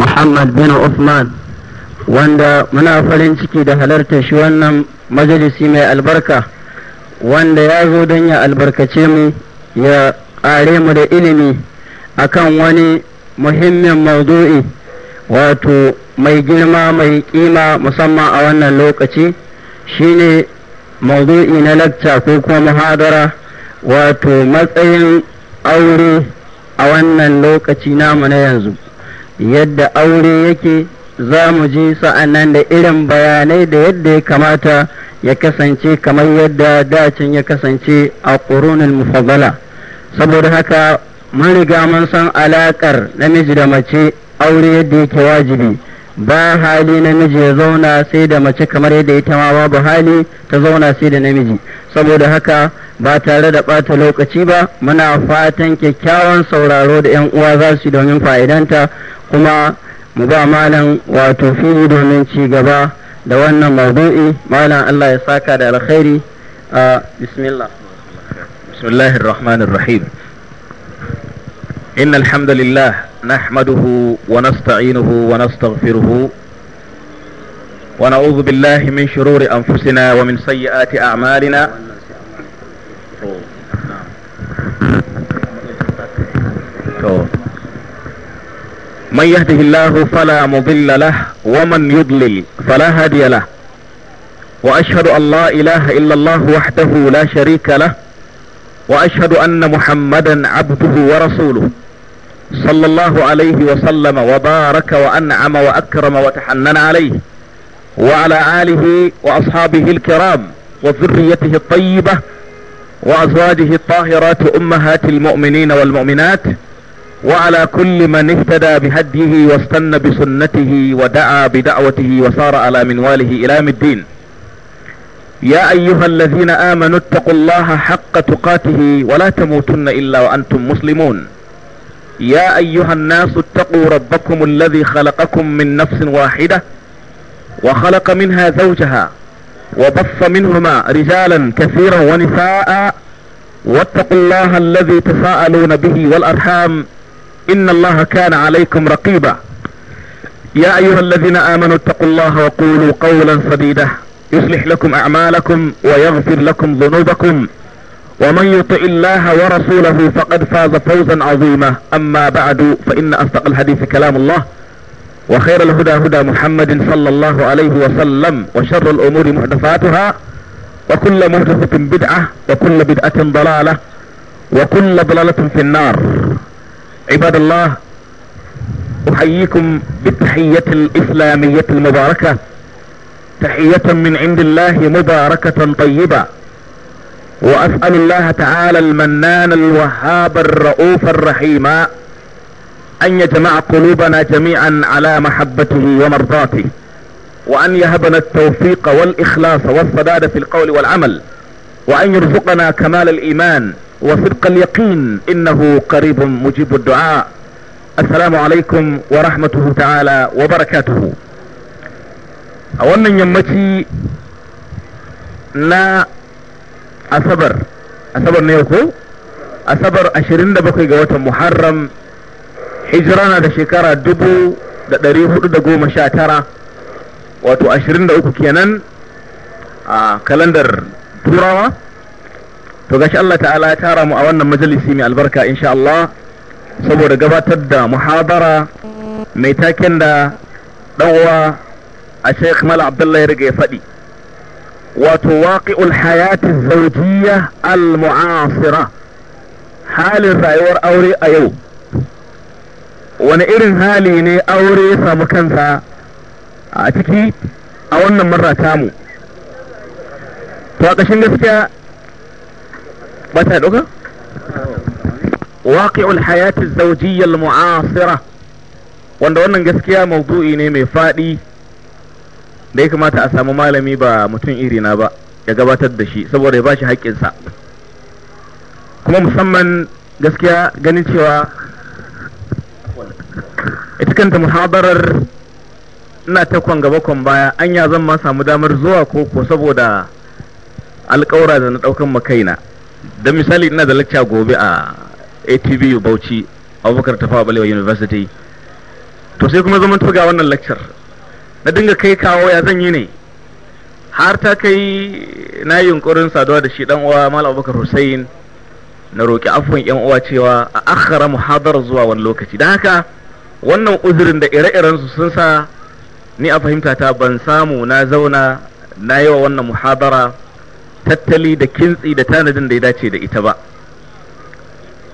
muhammad bin usman wanda muna farin ciki da halarta shi wannan majalisi mai albarka wanda ya zo don ya albarkace mu ya ƙare mu da ilimi akan wani muhimmin maudu'i wato mai girma mai kima musamman a wannan lokaci shine maudu'i na lacca ko kuma muhadara wato matsayin aure a wannan lokaci namu na yanzu yadda aure yake za mu ji nan da irin bayanai da yadda ya kamata ya kasance kamar yadda dacin ya kasance a ƙorunin mufabala saboda haka mun riga mun san alaƙar namiji da mace aure yadda yake wajibi ba hali namiji ya zauna sai da mace kamar yadda ita ma babu hali ta zauna sai da namiji saboda haka ba tare da ɓata lokaci ba muna fatan kyakkyawan sauraro da 'yan uwa za su yi domin fa'idanta kuma mu ba malam wato fili domin ci gaba da wannan maudu'i malam Allah ya saka da alkhairi a bismillah bismillahir rahmanir rahim إن الحمد لله نحمده ونستعينه ونستغفره ونعوذ بالله من شرور أنفسنا ومن سيئات أعمالنا من يهده الله فلا مضل له ومن يضلل فلا هادي له واشهد ان لا اله الا الله وحده لا شريك له واشهد ان محمدا عبده ورسوله صلى الله عليه وسلم وبارك وانعم واكرم وتحنن عليه وعلى اله واصحابه الكرام وذريته الطيبه وازواجه الطاهرات امهات المؤمنين والمؤمنات وعلى كل من اهتدى بهديه واستنى بسنته ودعا بدعوته وسار على منواله الى الدين يا ايها الذين امنوا اتقوا الله حق تقاته ولا تموتن الا وانتم مسلمون يا ايها الناس اتقوا ربكم الذي خلقكم من نفس واحدة وخلق منها زوجها وبص منهما رجالا كثيرا ونساء واتقوا الله الذي تساءلون به والارحام ان الله كان عليكم رقيبا يا ايها الذين امنوا اتقوا الله وقولوا قولا سديدا يصلح لكم اعمالكم ويغفر لكم ذنوبكم ومن يطع الله ورسوله فقد فاز فوزا عظيما اما بعد فان اصدق الحديث كلام الله وخير الهدى هدى محمد صلى الله عليه وسلم وشر الامور محدثاتها وكل محدثة بدعة وكل بدعة ضلالة وكل ضلالة في النار عباد الله احييكم بالتحية الاسلامية المباركة تحية من عند الله مباركة طيبة واسأل الله تعالى المنان الوهاب الرؤوف الرحيم ان يجمع قلوبنا جميعا على محبته ومرضاته وان يهبنا التوفيق والاخلاص والسداد في القول والعمل وان يرزقنا كمال الايمان وصدق اليقين انه قريب مجيب الدعاء السلام عليكم ورحمته تعالى وبركاته a wannan yammaci na asabar asabar ne ko asabar 27 ga watan muharram hijira na da shekara 1419 wato 23 kenan a kalandar turawa to gashi Allah ta'ala ya tara mu a wannan majalisi mai albarka insha Allah saboda gabatar da muhabara mai taken da ɗanwa a Sheikh Mala Abdullahi Riga ya faɗi wato waƙi'ul hayati zaujiya al-mu'asira halin rayuwar aure a yau wani irin hali ne aure ya samu kansa a ciki a wannan marra tamu to a ƙashin gaskiya ba ta ɗauka waqi'ul hayati zawjiyya muasira wanda wannan gaskiya maudu'i ne mai faɗi da ya kamata a samu malami ba mutum irina ba ya gabatar da shi saboda ya bashi haƙƙinsa kuma musamman gaskiya ganin cewa ita kanta muhabarar ina ta kwan gaba kwan baya anya zan ma samu damar zuwa ko saboda alƙawura da na ɗaukan makaina don misali ina da lacca gobe a atbu bauchi abubakar tafawa balewa university to sai kuma zaman tuga wannan laccar na dinga kai kawo ya zan yi ne har ta kai na yi yunkurin saduwa da shi dan uwa mal abubakar hussein na roƙi afwan yan uwa cewa a akhara muhadar zuwa wani lokaci don haka wannan uzurin da ire-iren su sun sa ni a fahimta ta ban samu na zauna na yi wa wannan muhadara tattali da kintsi da tanadin da ya dace da ita ba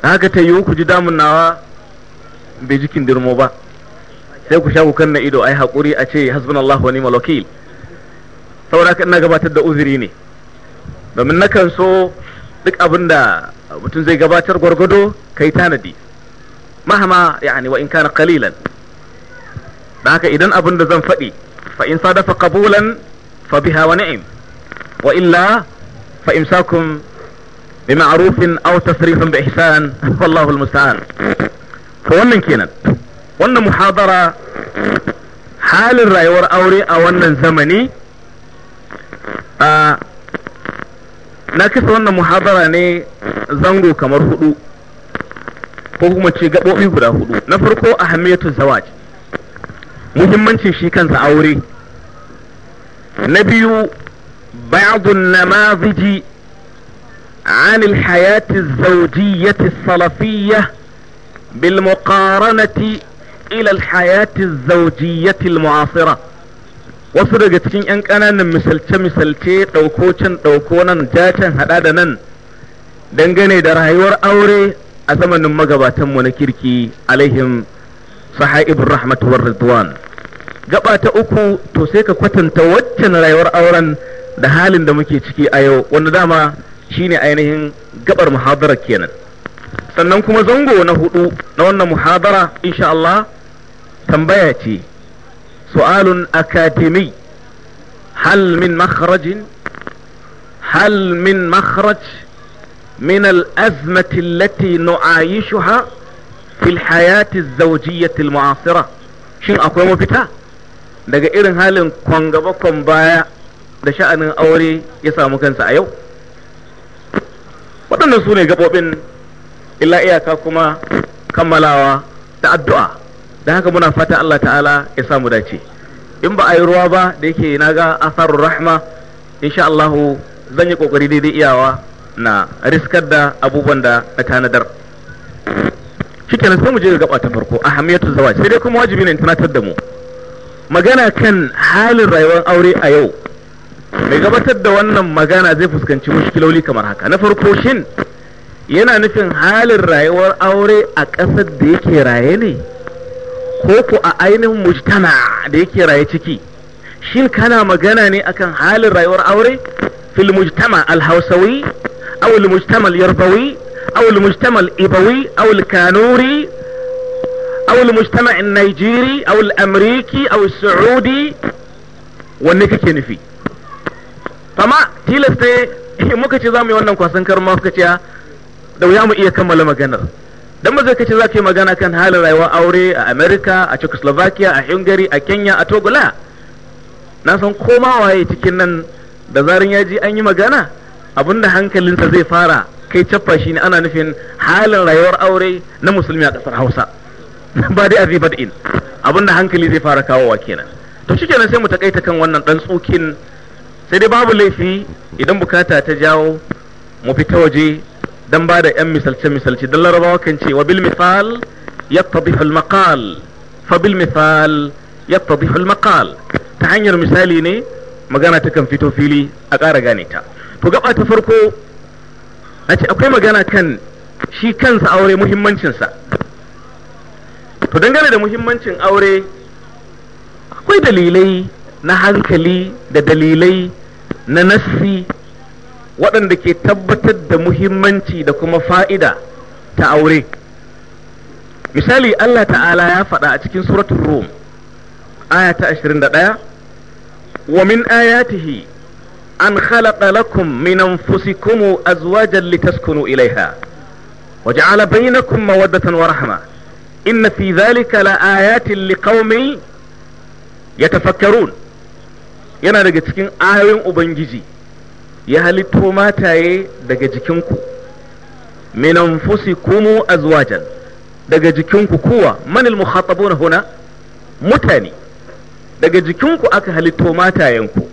haka ta yiwu ku ji damun nawa bai jikin dirmo ba sai ku sha kukan na ido ai haƙuri a ce hasbun wa wani malakil saboda haka ina gabatar da uzuri ne domin na kan so duk abin da mutum zai gabatar gwargwado kai tanadi mahama yani wa in kana qalilan da haka idan abin da zan faɗi fa in sadafa qabulan fa biha wa ni'im wa illa فإمساكم بمعروف أو تصريف بإحسان والله المستعان فوانا كينات وانا محاضرة حال الرأي أوري أو أن الزمني ناكس وانا محاضرة ني زنغو كمر hudu ko kuma ce gaɓoɓi guda hudu na farko ahamiyatu zawaj muhimmancin shi kansa aure na biyu بعض النماذج عن الحياة الزوجية السلفية بالمقارنة إلى الحياة الزوجية المعاصرة wasu daga cikin 'yan ƙananan misalce-misalce ɗaukocin ɗaukonan jacen haɗa da nan dangane da rayuwar aure a zamanin magabatanmu na kirki alaihim saha'ibin rahmatuwar ridwan gaba ta uku to sai ka kwatanta waccan rayuwar auren da halin da muke ciki a yau wanda dama shine ainihin gabar muhadara kenan sannan kuma zango na hudu na wannan muhadara insha Allah tambaya ce su'alun akademi hal min makharajin hal min makharaj من الأزمة التي hayati az-zawjiyyati al-mu'asira shin akwai mafita daga irin halin kwangaba baya da sha'anin aure ya samu kansa a yau waɗannan su ne gaɓoɓin illa iyaka kuma kammalawa da addu'a da haka muna fata Allah ta'ala ya samu dace in ba a yi ruwa ba da yake na ga asarun rahma insha Allahu zan yi kokari daidai iyawa na riskar da abubuwan da na tanadar shikenan sai mu je gaba ta farko a hamiyatu zawaj sai dai kuma wajibi ne tunatar da mu magana kan halin rayuwar aure a yau mai gabatar da wannan magana zai fuskanci mushkiloli kamar haka na farko shin yana nufin halin rayuwar aure a ƙasar da yake raye ne ko ku a ainihin mujtama da yake raye ciki shin kana magana ne akan halin rayuwar aure fil mujtama al-hausawi aw al-mujtama al-yarbawi aw mujtama al-ibawi aw al-kanuri aw al-mujtama al nigeri aw al-amriki aw saudi wanne kake nufi amma tilasta muka ce za mu yi wannan kwasan karma suka ce da wuya mu iya kammala maganar dan ba zai kace za ka yi magana kan halin rayuwar aure a America a Czechoslovakia a Hungary a Kenya a togola. nasan na san koma waye cikin nan da zarin ya an yi magana abinda hankalinsa zai fara kai cappa shi ne ana nufin halin rayuwar aure na musulmi a kasar hausa ba dai arzi da hankali zai fara kawowa kenan to shi kenan sai mu takaita kan wannan ɗan tsokin sai dai babu laifi idan bukata ta jawo mu fita waje dan ba da yan misalce misalce dan larabawa kan ce wa bil misal yattadih al maqal fa bil misal yattadih al maqal ta hanyar misali ne magana ta kan fito fili a ƙara gane ta to gaba ta farko a ce akwai magana kan shi kansa aure muhimmancinsa to dangane da muhimmancin aure akwai dalilai na hankali da dalilai na nassi waɗanda ke tabbatar da muhimmanci da kuma fa'ida ta aure misali Allah ta'ala ya faɗa a cikin suratun rum aya ta 21 wa min ayatihi an khalaqa lakum min anfusikum azwajan litaskunu ilaiha wa ja'ala bainakum mawaddatan wa rahma inna fi dhalika laayatin liqaumin yatafakkarun yana daga cikin ayoyin ubangiji ya halitto mataye daga jikinku min anfusikum azwajan daga jikinku kowa manil mukhatabuna huna mutane daga jikinku aka halitto matayenku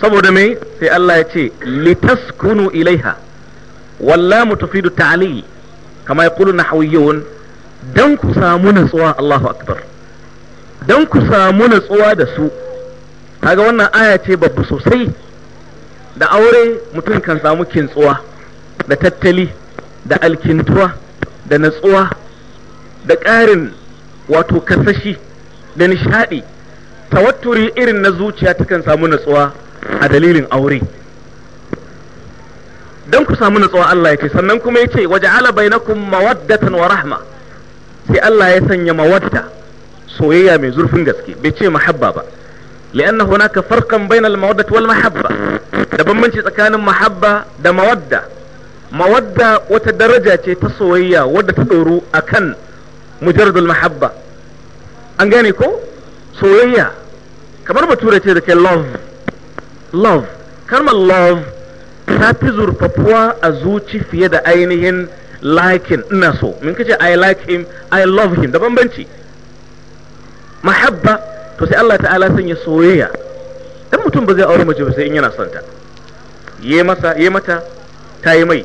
saboda me sai Allah ya ce litaskunu ilaiha tafi da ta'ali kama yaqulu nahwiyyun dan ku samu natsuwa Allahu akbar dan ku samu natsuwa da su kaga wannan aya ce babba sosai da aure mutum kan samu kintsuwa da tattali da alkintuwa da natsuwa da ƙarin wato kasashi da nishaɗi tawatturi irin na zuciya takan samu natsuwa a dalilin aure don ku samu natsuwa Allah ya ce sannan kuma ya ce waje ala bainakum mawaddatan wa rahma sai Allah ya sanya mawadda soyayya mai zurfin gaske bai ce mahabba ba لأن هناك فرقا بين المودة والمحبة da bambanci tsakanin mahabba da mawadda mawadda wata daraja ce ta soyayya wadda ta ɗoru a kan mujaradul mahabba an gane ko soyayya kamar bature ce da ke love love kalmar love ta fi zurfafuwa a zuci fiye da ainihin liking ina so min kace i like him i love him da bambanci mahabba to sai Allah ta'ala sanya soyayya dan mutum ba zai aure mace ba sai in yana son ta yi masa yi mata ta yi mai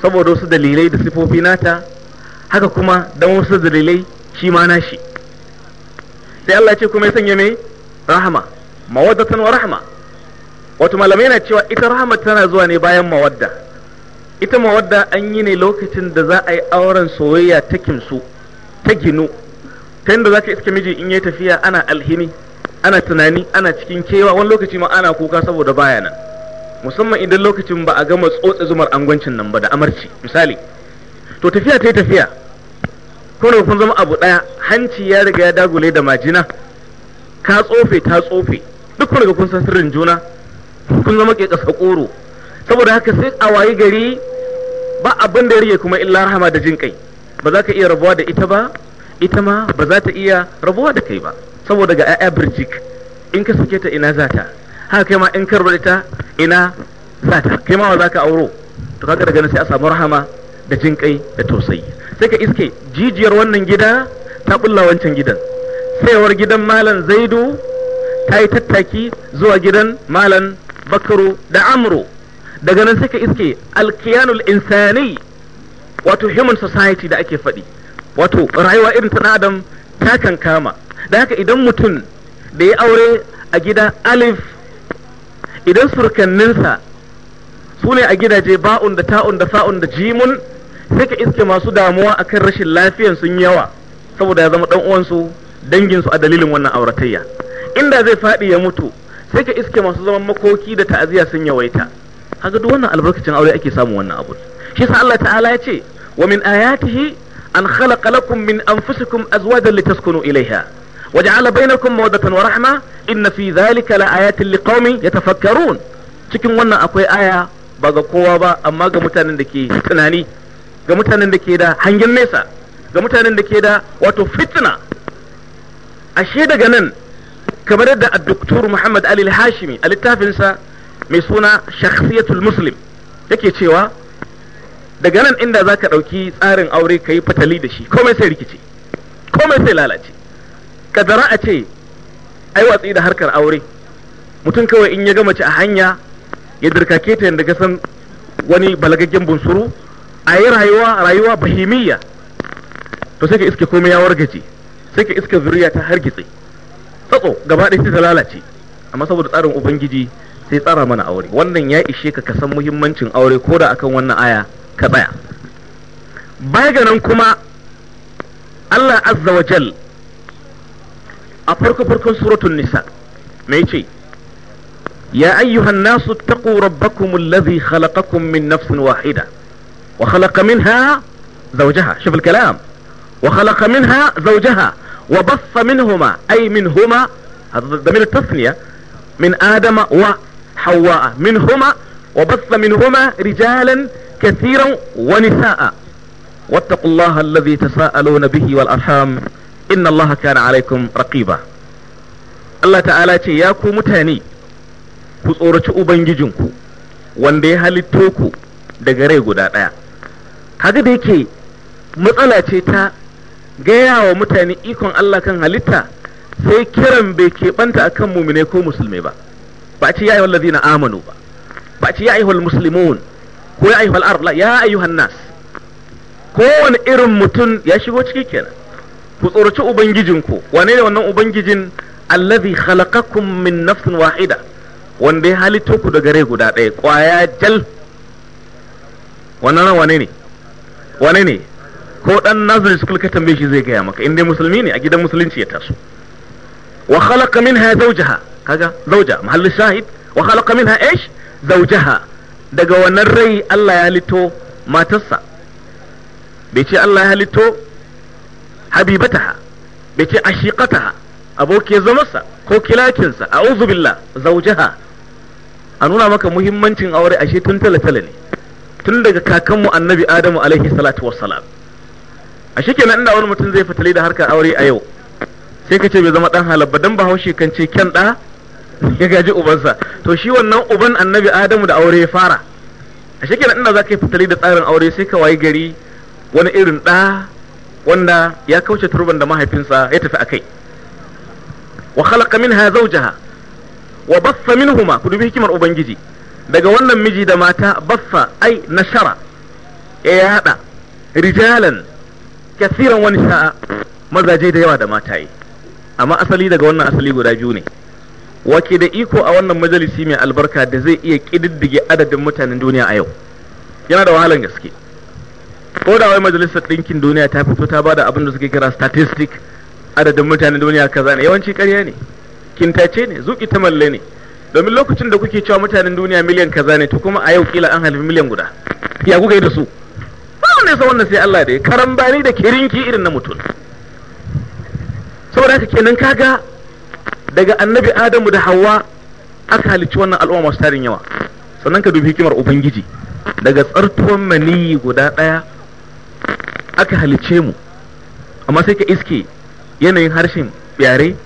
saboda wasu dalilai da sifofi nata haka kuma dan wasu dalilai shi ma nashi sai Allah ce kuma ya sanya mai rahama mawaddatan wa rahama wato malamai na cewa ita rahama tana zuwa ne bayan mawadda ita mawadda an yi ne lokacin da za a yi auren soyayya ta kimsu ta gino. ta yadda za ka iska miji in yi tafiya ana alhini ana tunani ana cikin kewa wani lokaci ma ana kuka saboda baya nan musamman idan lokacin ba a gama tsotse zumar angwancin nan ba da amarci misali to tafiya ta yi tafiya ko da kun zama abu ɗaya hanci ya riga ya dagule da majina ka tsofe ta tsofe duk kun riga kun san sirrin juna kun zama ke ƙasa ƙoro saboda haka sai a wayi gari ba abin da ya rage kuma illa rahama da jin kai ba za ka iya rabuwa da ita ba ita ma ba za ta iya rabuwa da kai ba saboda ga 'ya'ya birjik in ka sake ta ina za haka kai ma in ka ita ta ina za kai ma wa za ka auro to kaga daga sai a samu rahama da jin kai da tausayi sai ka iske jijiyar wannan gida ta bulla wancan gidan sayawar gidan malam zaidu ta yi tattaki zuwa gidan malam bakaru da amro daga nan sai ka iske alkiyanul insani wato human society da ake faɗi wato rayuwa irin ta adam ta kan kama da haka idan mutum da ya aure a gida alif idan surkanninsa su ne a gidaje ba'un da ta'un da sa'un da jimun sai ka iske masu damuwa akan rashin lafiyan sun yawa saboda ya zama ɗan uwansu danginsu a dalilin wannan auratayya inda zai faɗi ya mutu sai ka iske masu zaman makoki da ta'aziyya sun yawaita haka duk wannan albarkacin aure ake samu wannan abu shi sa Allah ta'ala ya ce wa min ayatihi أن خلق لكم من أنفسكم أزواجا لتسكنوا إليها وجعل بينكم مودة ورحمة إن في ذلك لآيات لقوم يتفكرون cikin wannan akwai aya ba ga kowa ba amma ga mutanen da ke tunani ga mutanen da ke da hangen nesa ga mutanen da ke da wato fitina ashe daga nan kamar yadda addoktor Muhammad Ali Hashimi a littafinsa mai suna shakhsiyatul muslim yake cewa daga nan inda za ka ɗauki tsarin aure ka yi fatali da shi komai sai rikici komai sai lalace kadara a ce ai watsi da harkar aure mutum kawai in ya ga mace a hanya ya dirkake ta yadda san wani balagaggen bunsuru a yi rayuwa rayuwa bahimiyya to sai ka iske komai ya wargaje sai ka iske zuriya ta hargitse tsatso gaba ɗaya sai ta lalace amma saboda tsarin ubangiji sai tsara mana aure wannan ya ishe ka kasan muhimmancin aure ko da akan wannan aya ka tsaya baya ga nan kuma Allah azza wa jal a farko farkon suratun nisa me yace يا أيها الناس اتقوا ربكم الذي خلقكم من نفس واحدة وخلق منها زوجها شوف الكلام وخلق منها زوجها وبص منهما أي منهما هذا ضمير التثنية من آدم وحواء منهما وبث منهما رجالا كثيرا ونساء واتقوا الله الذي تساءلون به والأرحام إن الله كان عليكم رقيبا Allah ta'ala ce ya ku mutane ku tsoraci ubangijinku wanda ya halitto ku daga rai guda ɗaya kaga da yake matsala ce ta gaya wa mutane ikon Allah kan halitta sai kiran bai keɓanta a kan mumine ko musulmi ba ba ce ya yi wallazi na amanu ba ba ce ya yi wal muslimun ko ya ayyuhal ard la ya ayyuhan nas kowane irin mutum ya shigo ciki kenan ku tsoraci ubangijinku wane ne wannan ubangijin allazi khalaqakum min nafsin wahida wanda ya halitto ku daga rai guda ɗaya kwaya jal wannan wane ne wane ne ko dan nazari suka ka tambaye shi zai gaya maka inda musulmi ne a gidan musulunci ya taso wa khalaqa minha zawjaha kaga zawja mahallin shahid wa khalaqa minha ايش zawjaha daga wannan rai Allah ya halitto matarsa bai ce Allah ya halitto habibataha bai ce ashiqataha abokin zamarsa ko kilakinsa a uzubillah zaujaha a nuna maka muhimmancin aure ashe tun talatala ne tun daga kakanmu annabi adamu alaihi salatu wassalam a shi kenan inda wani mutum zai fitali da harkar aure a yau sai ka ce bai zama dan halabba dan bahaushe kan ce kyan da ya gaji ubansa to shi wannan uban annabi adamu da aure ya fara a shekara inda za ka yi fitali da tsarin aure sai ka wayi gari wani irin ɗa wanda ya kauce turban da mahaifinsa ya tafi a kai wa khalaqa zau zawjaha wa baffa minhuma ku dubi hikimar ubangiji daga wannan miji da mata baffa ai nashara ya yada rijalan kasiran wani sha'a mazaje da yawa da mata yi amma asali daga wannan asali guda biyu ne wake da iko a wannan majalisi mai albarka da zai iya kididdige adadin mutanen duniya a yau yana da wahalan gaske ko da wai majalisar ɗinkin duniya ta fito ta bada abin da suke kira statistic adadin mutanen duniya kaza ne yawanci ƙarya ne kintace ne zuƙi ta malle ne domin lokacin da kuke cewa mutanen duniya miliyan kaza ne to kuma a yau kila an halifi miliyan guda ya kuka yi da su ba wanda ya wannan sai Allah da ya karambani da kirinki irin na mutum saboda haka kenan kaga daga annabi adamu da hawa aka halicci wannan al'umma masu tarin yawa sannan ka dubi hikimar ubangiji daga tsartuwan maniyi guda ɗaya aka halice mu amma sai ka iske yanayin harshen yare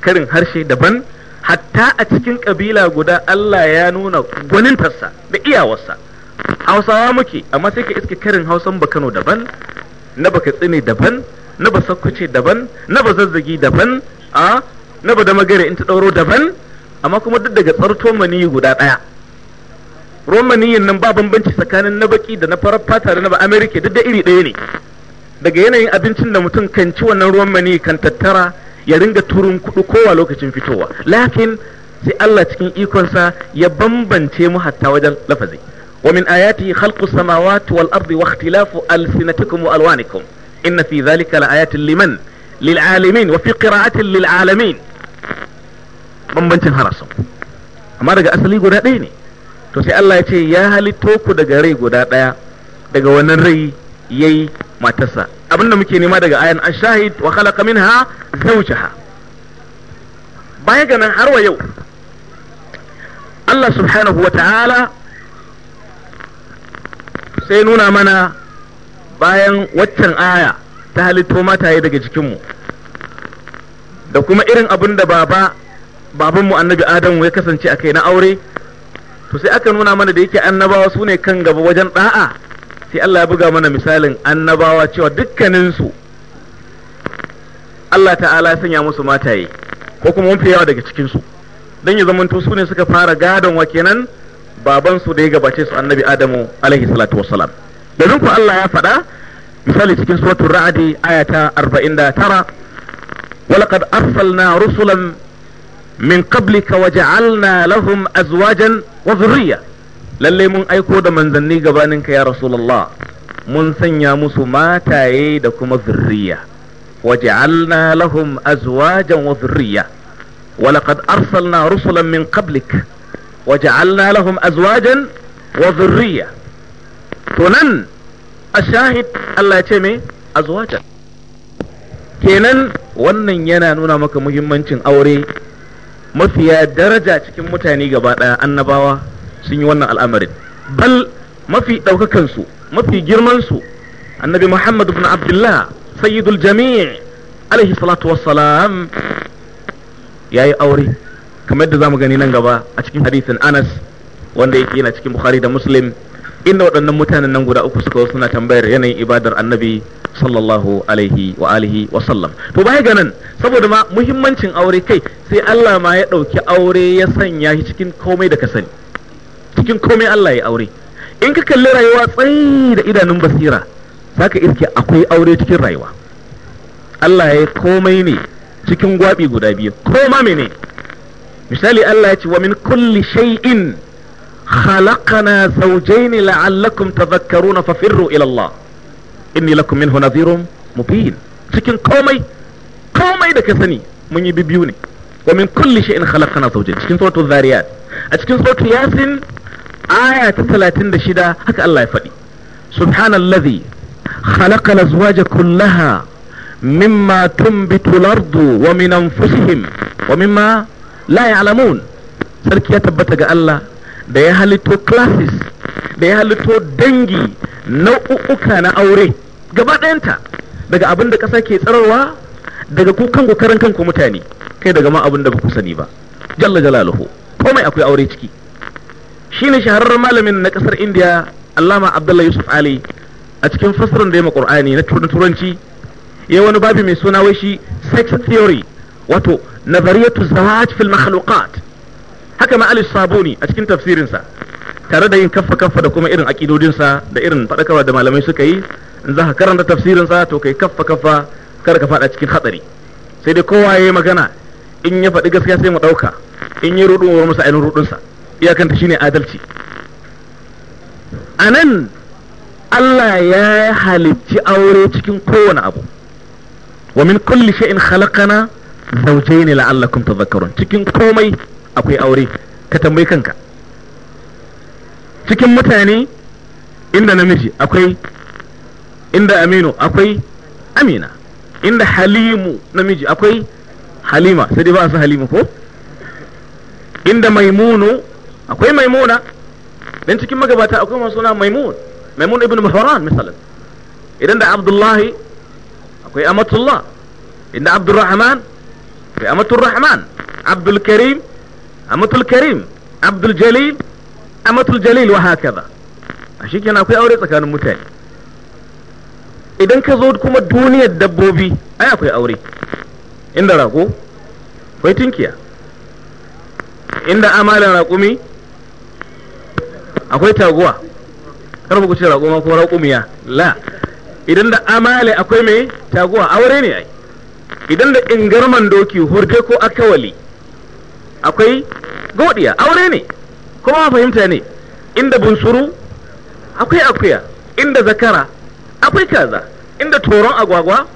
karin harshe daban hatta a cikin kabila guda Allah ya nuna gwanintarsa da iyawarsa hausawa muke amma sai ka iske karin hausan bakano daban na baka tsine daban na ba sakkwace daban na ba zazzagi daban a na ba da magare in ta ɗauro daban amma kuma duk daga tsarto maniyi guda ɗaya romaniyin nan ba bambanci tsakanin na baki da na farar fata da na ba amerika duk da iri ɗaya ne daga yanayin abincin da mutum kan ci wannan romani kan tattara ya ringa turun kuɗi kowa lokacin fitowa lakin sai Allah cikin ikonsa ya bambance mu hatta wajen lafazi wa min ayati khalqu samawati wal ardi wa ikhtilafu alsinatikum wa alwanikum inna fi dhalika la ayatin liman lil'alimin wa fi qira'atin lil'alamin bambancin harasu amma daga asali guda ɗaya ne to sai Allah ya ce ya halitto ku daga rai guda ɗaya daga wannan rai yayi matarsa abinda muke nema daga ayan ashahid wa khalaqa minha zawjaha baya ga nan har yau Allah subhanahu wa ta'ala sai nuna mana bayan waccan aya ta halitto mataye daga cikinmu da kuma irin abin da baba babanmu annabi adamu ya kasance a kai na aure to sai aka nuna mana da yake annabawa su ne kan gaba wajen ɗa'a sai Allah ya buga mana misalin annabawa cewa dukkaninsu Allah ta'ala ya sanya musu mataye ko kuma mafi yawa daga cikinsu don ya zamanto su ne suka fara gadon wa kenan babansu da ya gabace su annabi adamu alaihi salatu wassalam domin ku Allah ya faɗa misali cikin suratul ra'adi aya ta 49 walaqad arsalna rusulan min qablika waja'alna lahum azwajan wa dhurriyya lalle mun aiko da manzanni gabanin ka ya rasulullah mun sanya musu mataye da kuma zurriya waja'alna lahum azwajan wa dhurriyya walaqad arsalna rusulan min qablik waja'alna lahum azwajan wa dhurriyya to nan ashahid Allah ya ce me can. kenan wannan yana nuna maka muhimmancin aure mafiya daraja cikin mutane gaba ɗaya annabawa sun yi wannan al'amarin bal mafi ɗaukakansu mafi girmansu annabi muhammadu bin abdullah sayyidul jami'i alaihi salatu wassalam ya yi aure kamar yadda za mu gani nan gaba a cikin hadisin anas wanda yake yana cikin bukhari da muslim inda waɗannan mutanen nan guda uku suka suna tambayar yanayin ibadar annabi sallallahu alaihi wa alihi wa sallam to baya ga nan saboda ma muhimmancin aure kai sai Allah ma ya ɗauki aure ya sanya shi cikin komai da ka sani cikin komai Allah ya aure in ka kalli rayuwa tsayi da idanun basira zaka iske akwai aure cikin rayuwa Allah ya komai ne cikin gwabi guda biyu koma mene misali Allah ya ce wa min kulli shay'in خلقنا زوجين لعلكم تذكرون ففروا إلى الله inni lakum minhu nadhirun mubin cikin komai komai da sani mun yi bibiyu ne wa min kulli shay'in khalaqna zawjayn cikin suratul zariyat a cikin suratul yasin aya ta 36 haka Allah ya faɗi subhanallazi khalaqa azwaja kullaha mimma tunbitu al-ardu wa min wa la sarki ya tabbata ga Allah da ya halitto classes da ya halitto dangi nau'uka na aure gaba ɗayanta daga abin da ƙasa ke tsararwa daga kukan kanku kanku mutane kai daga ma abin da ba ku sani ba jalla jalaluhu komai akwai aure ciki Shi ne shahararren malamin na ƙasar indiya allama abdullahi yusuf ali a cikin fassarar da ya maƙur'ani na turanci ya wani babi mai suna wai shi sex theory wato nazariyatu zawaj fil makhluqat haka ma Alish Sabuni a cikin tafsirinsa tare da yin kaffa kaffa da kuma irin akidodinsa da irin faɗakarwa da malamai suka yi in za ka karanta tafsirinsa to kai kaffa kaffa kar ka faɗa cikin hatsari sai dai kowa ya yi magana in ya faɗi gaskiya sai mu ɗauka in yi rudun wa masa ainihin rudunsa iyakanta ne adalci a nan Allah ya halicci aure cikin kowane abu wa min kulli shay'in khalaqana zawjayn la'allakum tadhakkarun cikin komai akwai aure ka tambayi kanka cikin mutane inda namiji akwai inda aminu akwai amina inda halimu namiji akwai halima sai dai ba su halimu ko inda maimunu akwai maimuna dan cikin magabata akwai masu suna maimun maimun ibn muharran misalan idan da abdullahi akwai amatullah inda abdurrahman akwai amatur rahman abdul karim Amatul أمة الكريم عبد الجليل أمة الجليل وهكذا ashe kenan akwai aure tsakanin mutane idan ka zo kuma duniyar dabbobi ai akwai aure inda rako akwai tinkiya inda amalan raƙumi akwai taguwa kar ku ce raƙuma ko raƙumiya la idan da amale akwai mai taguwa aure ne ai idan da ingarman doki hurde ko akawali akwai godiya aure ne kuma fahimta ne inda bunsuru akwai akuya inda zakara akwai kaza inda toron agwagwa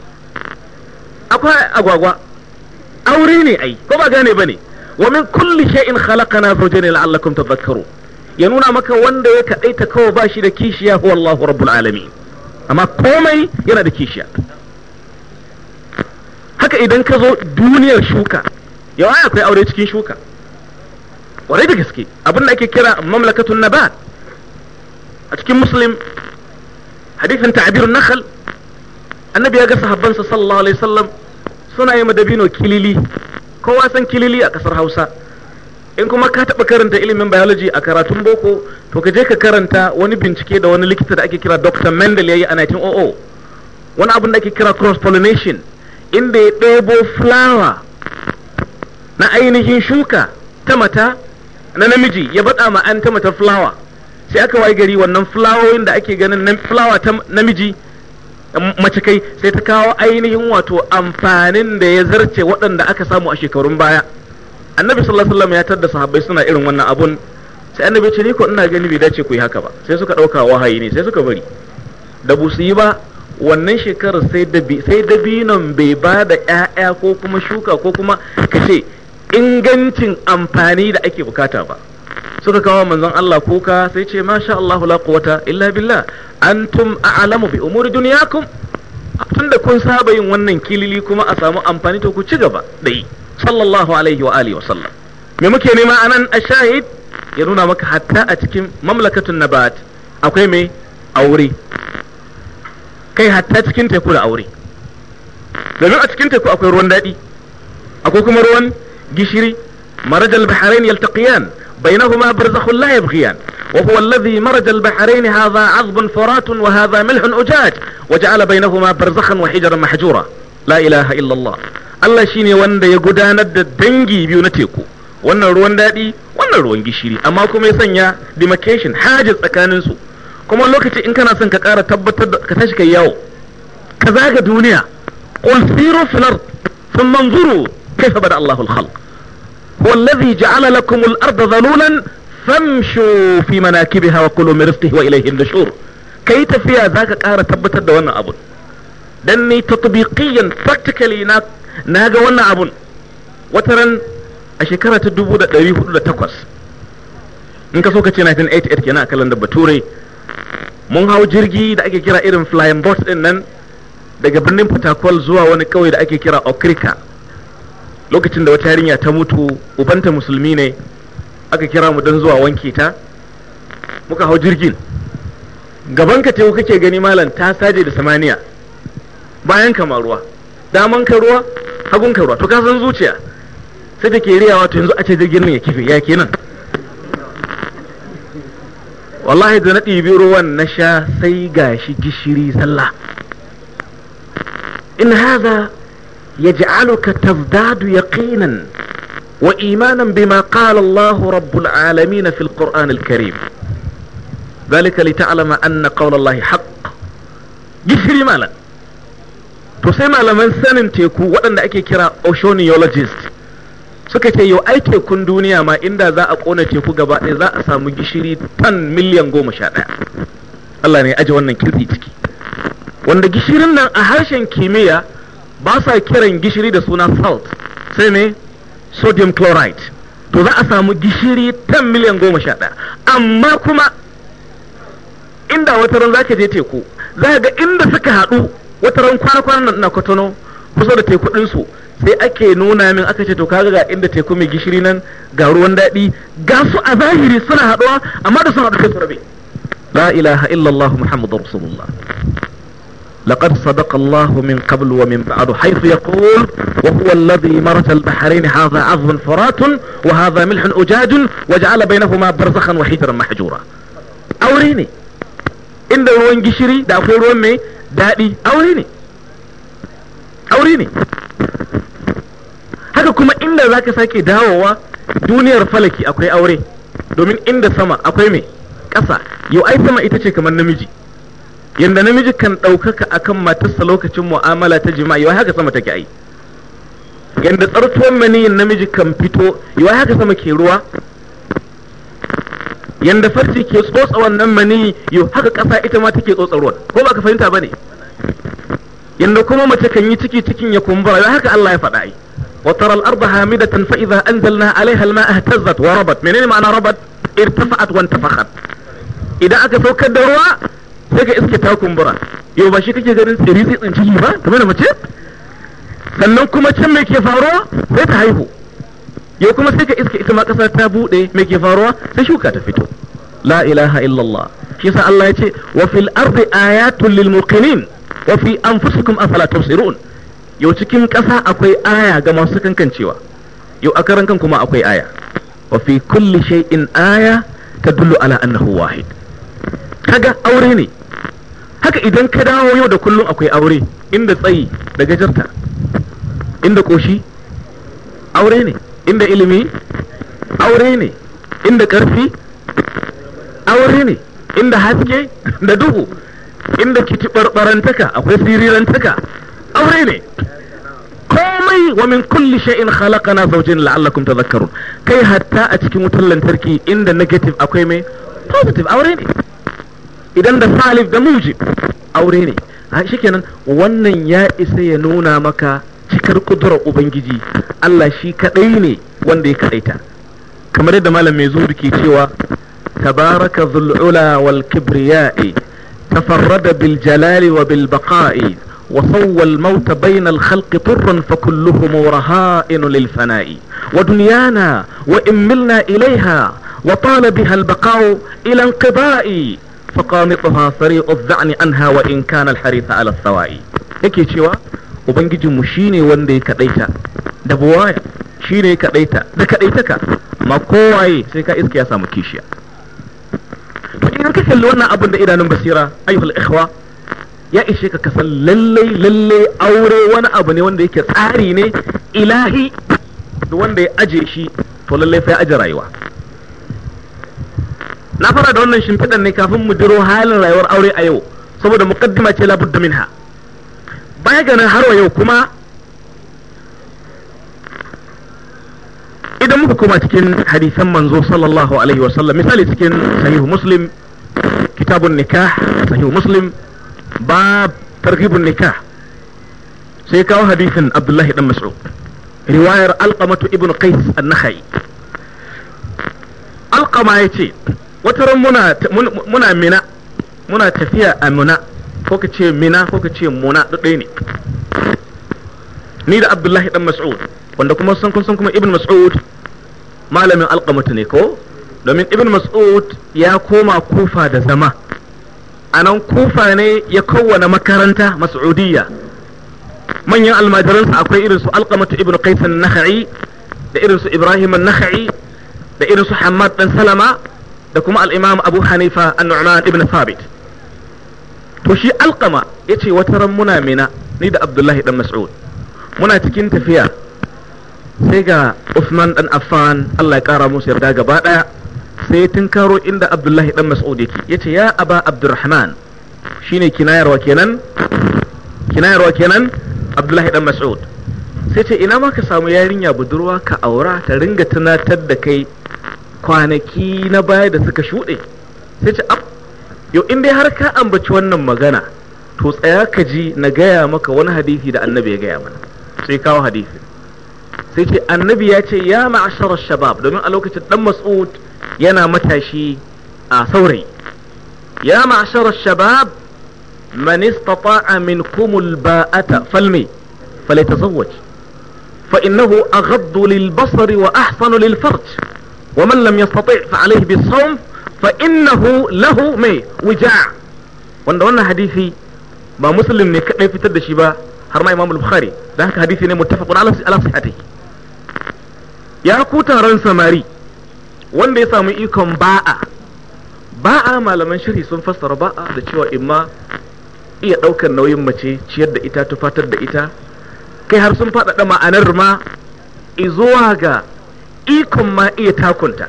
akwai agwagwa aure ne ai ko ba gane bane wa min kulli shay'in khalaqana zawjayn la'allakum tadhakkarun ya nuna maka wanda ya kadaita kawai bashi da kishiya huwa Allahu rabbul alamin amma komai yana da kishiya haka idan ka zo duniyar shuka ai akwai aure cikin shuka ƙwarai da gaske abin ake kira mamlakatun ba a cikin muslim hadithin ta'birun nakhal annabi ya ga sahabbansa sallallahu alaihi wasallam suna yi madabino kilili kowa san kilili a kasar hausa in kuma ka taɓa karanta ilimin biology a karatun boko to ka je ka karanta wani bincike da wani likita da ake kira dr mendel ya yi a 1900 wani abin da ake kira cross pollination inda ya ɗebo flower na ainihin shuka ta mata na namiji ya bada ma an ta mata fulawa sai aka wayi gari wannan fulawoyin da ake ganin na fulawa ta namiji mace kai sai ta kawo ainihin wato amfanin da ya zarce waɗanda aka samu a shekarun baya annabi sallallahu alaihi wasallam ya tadda sahabbai suna irin wannan abun sai annabi ce ni ko ina gani bai dace ku yi haka ba sai suka ɗauka wahayi ne sai suka bari da bu su yi ba wannan shekarar sai dabi sai dabinon bai ba da ƴaƴa ko kuma shuka ko kuma kace ingancin amfani da ake bukata ba suka kawo manzon Allah kuka sai ce masha Allah la quwata illa billah antum a'lamu bi umuri dunyakum tunda kun saba yin wannan kilili kuma a samu amfani to ku ci gaba dai sallallahu alaihi wa alihi wa sallam me muke nema anan ashahid ya nuna maka hatta a cikin mamlakatun nabat akwai mai aure kai hatta cikin teku da aure domin a cikin teku akwai ruwan daɗi akwai kuma ruwan جشري مرج البحرين يلتقيان بينهما برزخ لا يبغيان وهو الذي مرج البحرين هذا عظب فرات وهذا ملح أجاج وجعل بينهما برزخا وحجرا محجورا لا إله إلا الله الله شيني واند يقدان الدنجي بيونتيكو وانا الروان دادي وانا الروان جيشيري اما كم يسنيا ديمكيشن حاجة اكان انسو كم اللوكي تي انكنا سن كتارة تبت كتاشك ياو كذاك دونيا قل سيروا في الارض ثم انظروا كيف بدأ الله الخلق هو الذي جعل لكم الأرض ذلولا فامشوا في مناكبها وكلوا من رزقه وإليه النشور كي تفيا ذاك قارة تبتد أبن دني تطبيقيا wannan abun wataran a shekara ta dubu da ɗari hudu da ka so mun hau jirgi da ake kira irin flying boat din nan daga birnin fatakwal zuwa wani kauye da ake kira okrika lokacin da wata yarinya ta mutu ubanta musulmi ne aka kira mu dan zuwa wanke ta muka hau jirgin gaban ka teku kake gani malam ta saje da samaniya bayan kama ruwa daman ka ruwa hagun ka ruwa to ka san zuciya sai da ke riyawa to yanzu a ce jirgin nan ya kife ya kenan wallahi da na ɗibi ruwan na sha sai gashi gishiri sallah in haza يجعلك تزداد يقينا وإيمانا بما قال الله رب العالمين في القرآن الكريم ذلك لتعلم أن قول الله حق جسر مالا to لمن سنن تيكو وأن أكي كرا أوشوني يولوجيست suka ce yau ai tekun duniya ma inda za a kona teku gaba ɗaya za a samu gishiri tan miliyan goma sha ɗaya Allah ne ya aje wannan kirki ciki wanda gishirin nan a harshen kimiyya ba sa kiran gishiri da suna salt sai ne sodium chloride to za a samu gishiri 10 miliyan goma sha ɗaya amma kuma inda wata ran ka je teku za ga inda suka haɗu wata ran kwana na kwatano kusa da teku ɗinsu sai ake nuna min aka ce to kaga ga inda teku mai gishiri nan ga ruwan daɗi ga su a zahiri suna haɗuwa amma da suna da sai su la ilaha illallah rasulullah لقد صدق الله من قبل ومن بعد حيث يقول وهو الذي مرت البحرين هذا عظم فرات وهذا ملح اجاج وجعل بينهما برزخا وحجرا محجورا اوريني ان دعوين قشري دعفور امي دادي اوريني اوريني هكا كما ان ذاك ساكي هو دوني رفلكي اوكي اوري دومين ان ذا سما اوكي مي كسا يو اي سما اتشي كما نمجي yanda namiji kan ɗaukaka akan matarsa lokacin mu'amala ta jima'i wai haka sama take ai yanda tsartuwan maniyin namiji kan fito wai haka sama ke ruwa yanda farci ke tsotsa wannan maniyi yau haka ƙasa ita ma take tsotsa ruwan ko ba ka fahimta ba ne yanda kuma mace kan yi ciki cikin ya kumbura yau haka Allah ya faɗa ai وترى الأرض هامدة فإذا أنزلنا عليها الماء اهتزت وربت منين معنى ربت ارتفعت وانتفخت إذا أكا سوكر دروا sai ka iske ta kumbura yau ba shi kake ganin tsiri tsitsin ciki ba kamar da mace sannan kuma can me ke faruwa sai ta haihu yau kuma sai ka iske ita ma kasa ta buɗe mai ke faruwa sai shuka ta fito la ilaha illallah shi yasa Allah ya ce wa fil ardi ayatul lil muqinin wa fi anfusikum afala tubsirun yau cikin ƙasa akwai aya ga masu kankancewa yau a karan kan kuma akwai aya wa fi kulli shay'in aya tadullu ala annahu wahid kaga aure ne haka idan ka dawo yau da kullum akwai aure inda tsayi da gajarta inda koshi aure ne inda ilimi aure ne inda ƙarfi aure ne inda haske da duhu inda barbarantaka akwai sirirantaka aure ne komai wa min kulli na khalaqana zawjayn la'allakum tadhakkarun kai hatta a cikin wutar lantarki inda negative akwai mai positive aure ne idan da salif da mujib aure ne a shikenan wannan ya isa ya nuna maka cikar kudurar ubangiji Allah shi kadai ne wanda ya kadaita kamar yadda malam mai zuri ke cewa tabaraka zul'ula wal kibriya'i tafarrada bil jalali wa bil baqa'i وصوى الموت بين الخلق طرا فكلهم رهائن للفناء ودنيانا وإن ملنا إليها وطال بها البقاء إلى انقضاء faqamituha sari'u dha'ni an hawa in kana al-harith ala sawa'i yake cewa ubangijinmu shine wanda ya kadaita da buwaya shine kadaita da kadaitaka ma kowaye sai ka iska ya samu kishiya to idan ka kalli wannan abin da idanun basira ayyuhal ikhwa ya ishe ka kasan lallai lallai aure wani abu ne wanda yake tsari ne ilahi da wanda ya aje shi to lallai sai aje rayuwa na fara da wannan shimfiɗar ne kafin mu diro halin rayuwar aure a yau saboda muqaddima ce labudda minha baya ganin har wa yau kuma idan muka koma cikin hadisan manzo sallallahu alaihi wa sallam misali cikin sahihu muslim kitabun nikah sahihu muslim bab targhibun nikah sai kawo hadisin abdullahi dan mas'ud riwayar alqamatu ibn qais an-nakhai alqama yace wata ran muna muna mina muna tafiya a mina ko ka ce mina ko ka ce muna dade ne ni da abdullahi dan mas'ud wanda kuma san kun san kuma ibn mas'ud malamin alqamatu ne ko domin ibn mas'ud ya koma kufa da zama a nan kufa ne ya kowane makaranta mas'udiyya manyan almajiransa akwai irin su alqamatu ibn qais an-nakhai da irin su ibrahim an-nakhai da irin su hammad dan salama da kuma alimam abu hanifa an-nu'man ibn thabit to shi ya yace wata ran muna mina ni da abdullahi dan mas'ud muna cikin tafiya sai ga usman dan affan Allah ya kara musu yarda gaba daya sai tun karo inda abdullahi dan mas'ud yake yace ya aba abdurrahman shine kinayarwa kenan kinayarwa kenan abdullahi dan mas'ud sai ce ina ma ka samu yarinya budurwa ka aura ta ringa tunatar da kai kwanaki na baya da suka shuɗe sai ce yau in dai har ka ambaci wannan magana to tsaya ka ji na gaya maka wani hadisi da annabi ya gaya mana sai kawo hadisi sai ce annabi ya ce ya ma'ashar shabab domin a lokacin dan mas'ud yana matashi a saurayi ya ma'ashar shabab man istata'a minkum alba'ata falmi falyatazawwaj fa innahu aghaddu lil basari wa ahsanu lil farj wa man lam yastati fa alayhi bisawm fa innahu lahu mai wujaa. wanda wannan hadisi ba muslim ne kadai fitar da shi ba har ma imam al-bukhari da haka hadisi ne muttafaqun ala ala sihhatihi ya ku taron samari wanda ya samu ikon ba'a ba'a malaman shiri sun fassara ba'a da cewa imma iya ɗaukar nauyin mace ciyar da ita tufatar da ita kai har sun faɗaɗa ma'anar ma izuwa ga ikon ma iya takunta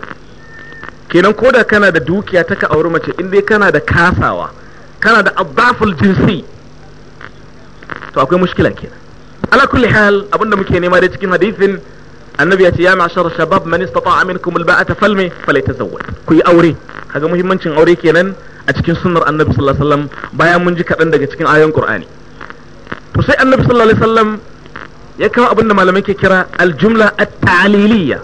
kenan koda kana da dukiya ta ka auri mace in dai kana da kasawa kana da abdaful jinsi to akwai mushkila kenan ala kulli hal abinda muke nema dai cikin hadisin annabi ya ce ya ma'ashar shabab man istata'a minkum alba'ata falme falyatazawwaj ku yi aure kaga muhimmancin aure kenan a cikin sunnar annabi sallallahu alaihi wasallam bayan mun ji kaɗan daga cikin ayoyin qur'ani to sai annabi sallallahu alaihi wasallam ya kawo abinda malamai ke kira aljumla at-ta'liliyya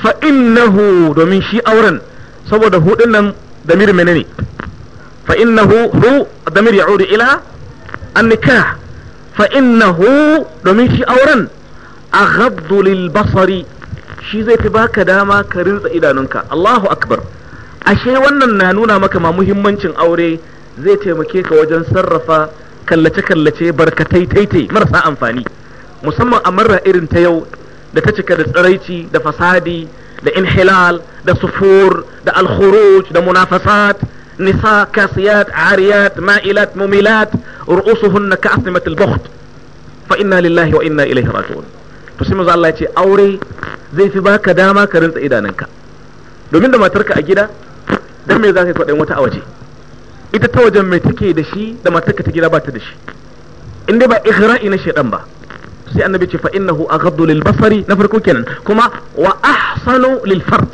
fa innahu domin shi auren saboda hudin nan damir menene fa innahu hu damir ya'udu ila annikah fa innahu domin shi auren aghaddu lil basari shi zai fi baka dama ka rinsa idanunka Allahu akbar ashe wannan na nuna maka ma muhimmancin aure zai taimake ka wajen sarrafa kallace kallace barkataitaitai marasa amfani musamman a marar irin ta yau da ta cika da tsiraici da fasadi da inhilal da sufur da alkhuruj da munafasat nisa kasiyat ariyat ma'ilat mumilat ru'usuhunna al bukht fa inna lillahi wa inna ilaihi raji'un to sai manzo Allah ya ce aure zai fi baka dama ka rinsa idanunka domin da matarka a gida dan me za zaka kwaɗayin wata a waje ita ta wajen mai take da shi da matarka ta gida ba ta da shi in dai ba ikhra'i na shaidan ba sai annabi ce fa innahu aghaddu lil basari na farko kenan kuma wa ahsanu lil farj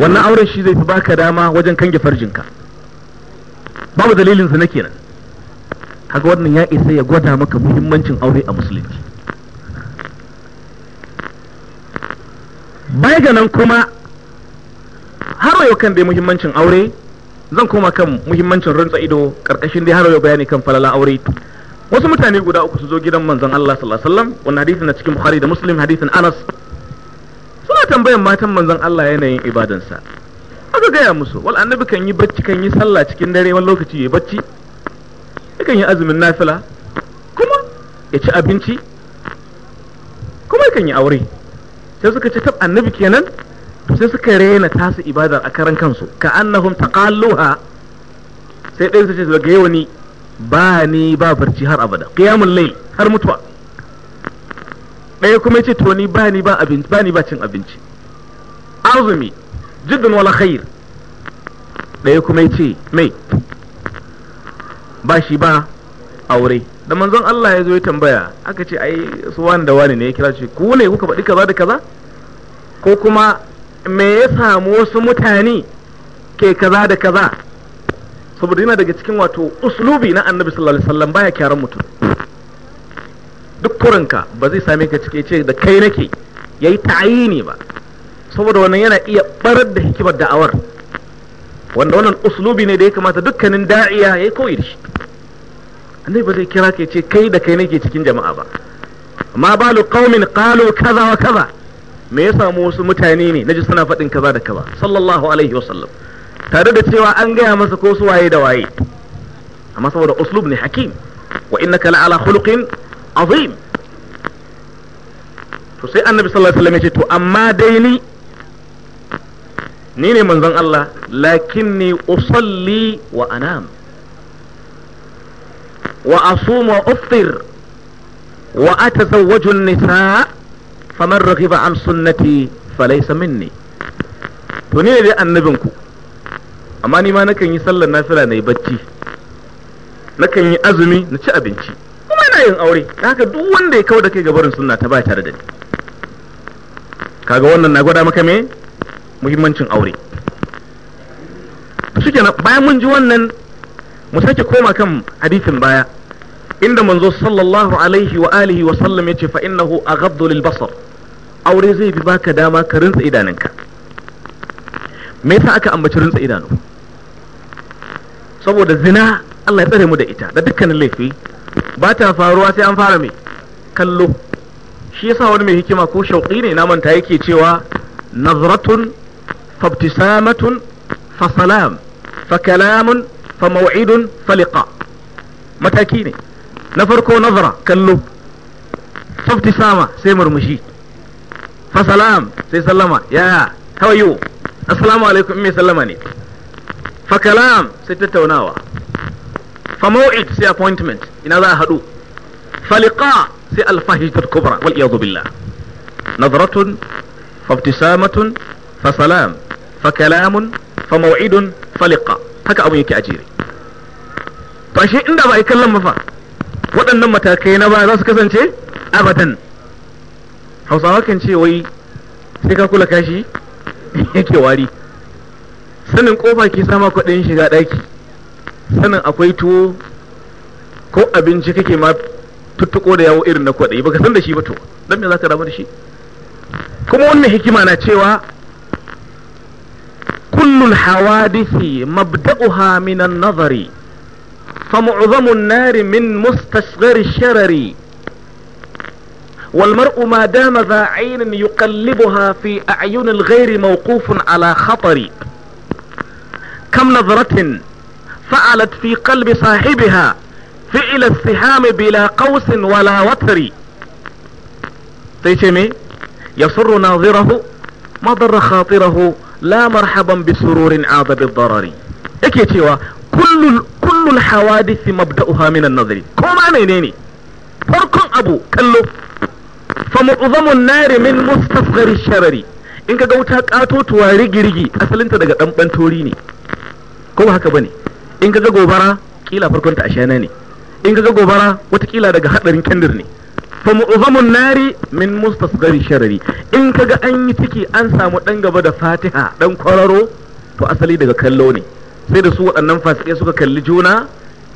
wannan auren shi zai fi baka dama wajen kange farjinka babu dalilin zina kenan haka wannan ya isa ya gwada maka muhimmancin aure a musulunci bai ga nan kuma har yau kan dai muhimmancin aure zan koma kan muhimmancin rantsa ido karkashin dai har yau bayani kan falala aure wasu mutane guda uku su zo gidan manzon Allah sallallahu alaihi wasallam wannan hadisin na cikin Bukhari da Muslim hadisin Anas suna tambayan matan manzon Allah yanayin ibadansa aka gaya musu wal annabi kan yi bacci kan yi sallah cikin dare wani lokaci ya bacci kan yi azumin nafila kuma ya ci abinci kuma kan yi aure sai suka ce tab annabi kenan sai suka rena tasu ibadar a karan kansu ka annahum taqalluha sai ɗaya su ce daga yau ni ba ni ba barci har abada qiyamul layl har mutuwa ɗaya kuma yace to ni ba ni ba abinci ba ni ba cin abinci azumi jiddan wala khair ɗaya kuma yace mai ba shi ba aure da manzon Allah ya zo ya tambaya aka ce ai su wani da wani ne ya kira shi ku ne kuka faɗi kaza da kaza ko kuma me ya samu wasu mutane ke kaza da kaza saboda yana daga cikin wato uslubi na annabi sallallahu alaihi wasallam baya kyaran mutum duk kurinka ba zai same ka cike ce da kai nake yayi ta'ayini ba saboda wannan yana iya barar da hikimar da'awar wanda wannan uslubi ne da ya kamata dukkanin da'iya yayi koyi da shi annabi ba zai kira ka ce kai da kai nake cikin jama'a ba amma balu qaumin qalu kaza wa kaza me ya samu wasu mutane ne naji suna faɗin kaza da kaza sallallahu alaihi wasallam tare da cewa an gaya masa ko su waye da waye amma saboda uslub ne hakim wa innaka ala khuluqin azim to sai annabi sallallahu alaihi wasallam ya ce to amma dai ni ni ne manzon Allah lakinni usalli wa anam wa asum wa uftir wa atazawwaju an-nisa faman raghiba an sunnati falaysa minni to ni ne dai annabinku amma ni ma nakan yi sallar fila na yi bacci nakan yi azumi na ci abinci kuma na yin aure haka duk wanda ya kawo da kai gabarin sunna ta ba tare da ni kaga wannan na gwada maka me muhimmancin aure shikenan bayan mun ji wannan mu sake koma kan hadisin baya inda manzo sallallahu alaihi wa alihi wa sallam yace fa innahu aghaddu lil basar aure zai bi baka dama ka rinsa idanunka me yasa aka ambaci rinsa idanunka saboda zina Allah ya tsare mu da ita da dukkanin laifi ba ta faruwa sai an fara mai kallo shi yasa wani mai hikima ko shauƙi ne na manta yake cewa nazratun fabtisamatun fa salam fa kalamun fa maw'idun fa liqa mataki ne na farko nazara kallo fabtisama sai murmushi fa salam sai sallama ya how are you assalamu alaikum mai sallama ne fa kalam sai tattaunawa fa maw'id sai appointment ina za a haɗu fa liqa sai alfahishatul kubra wal iyadu billah Fa maw'idun, فسلام فكلام فموعد فلقاء هكا أبو يكي أجيري inda إن دابا يكلم مفا waɗannan matakai na baya za su kasance abadan hausawa kan ce wai sai ka kula kashi yake wari sanin kofa ke sama kwaɗin shiga daki sanin akwai tuwo ko abinci kake ma tuttuko da yawo irin na kwaɗayi baka san da shi ba to dan me zaka rabu da shi kuma wannan hikima na cewa kullul hawadisi mabda'uha min an-nazari fa mu'zamu an-nari min mustashghari sharari والمرء ما دام ذا عين يقلبها في أعين الغير موقوف على خطر كم نظرة فعلت في قلب صاحبها فعل السهام بلا قوس ولا وتر تيشمي يسر ناظره ما ضر خاطره لا مرحبا بسرور عاد بالضرر اكيتيوا كل كل الحوادث مبداها من النظر كما نينيني فركم ابو كلو فمعظم النار من مستصغر الشرر انك قوتها قاتوت وارجرجي اصل انت دقا تنبن توريني ko ba haka bane in kaga gobara kila farkon ta ashana ne in kaga gobara wata kila daga hadarin kendir ne fa mu'zamun nari min mustasghari sharri in kaga an yi ciki an samu dan gaba da Fatiha dan kwararo to asali daga kallo ne sai da su waɗannan fasike suka kalli juna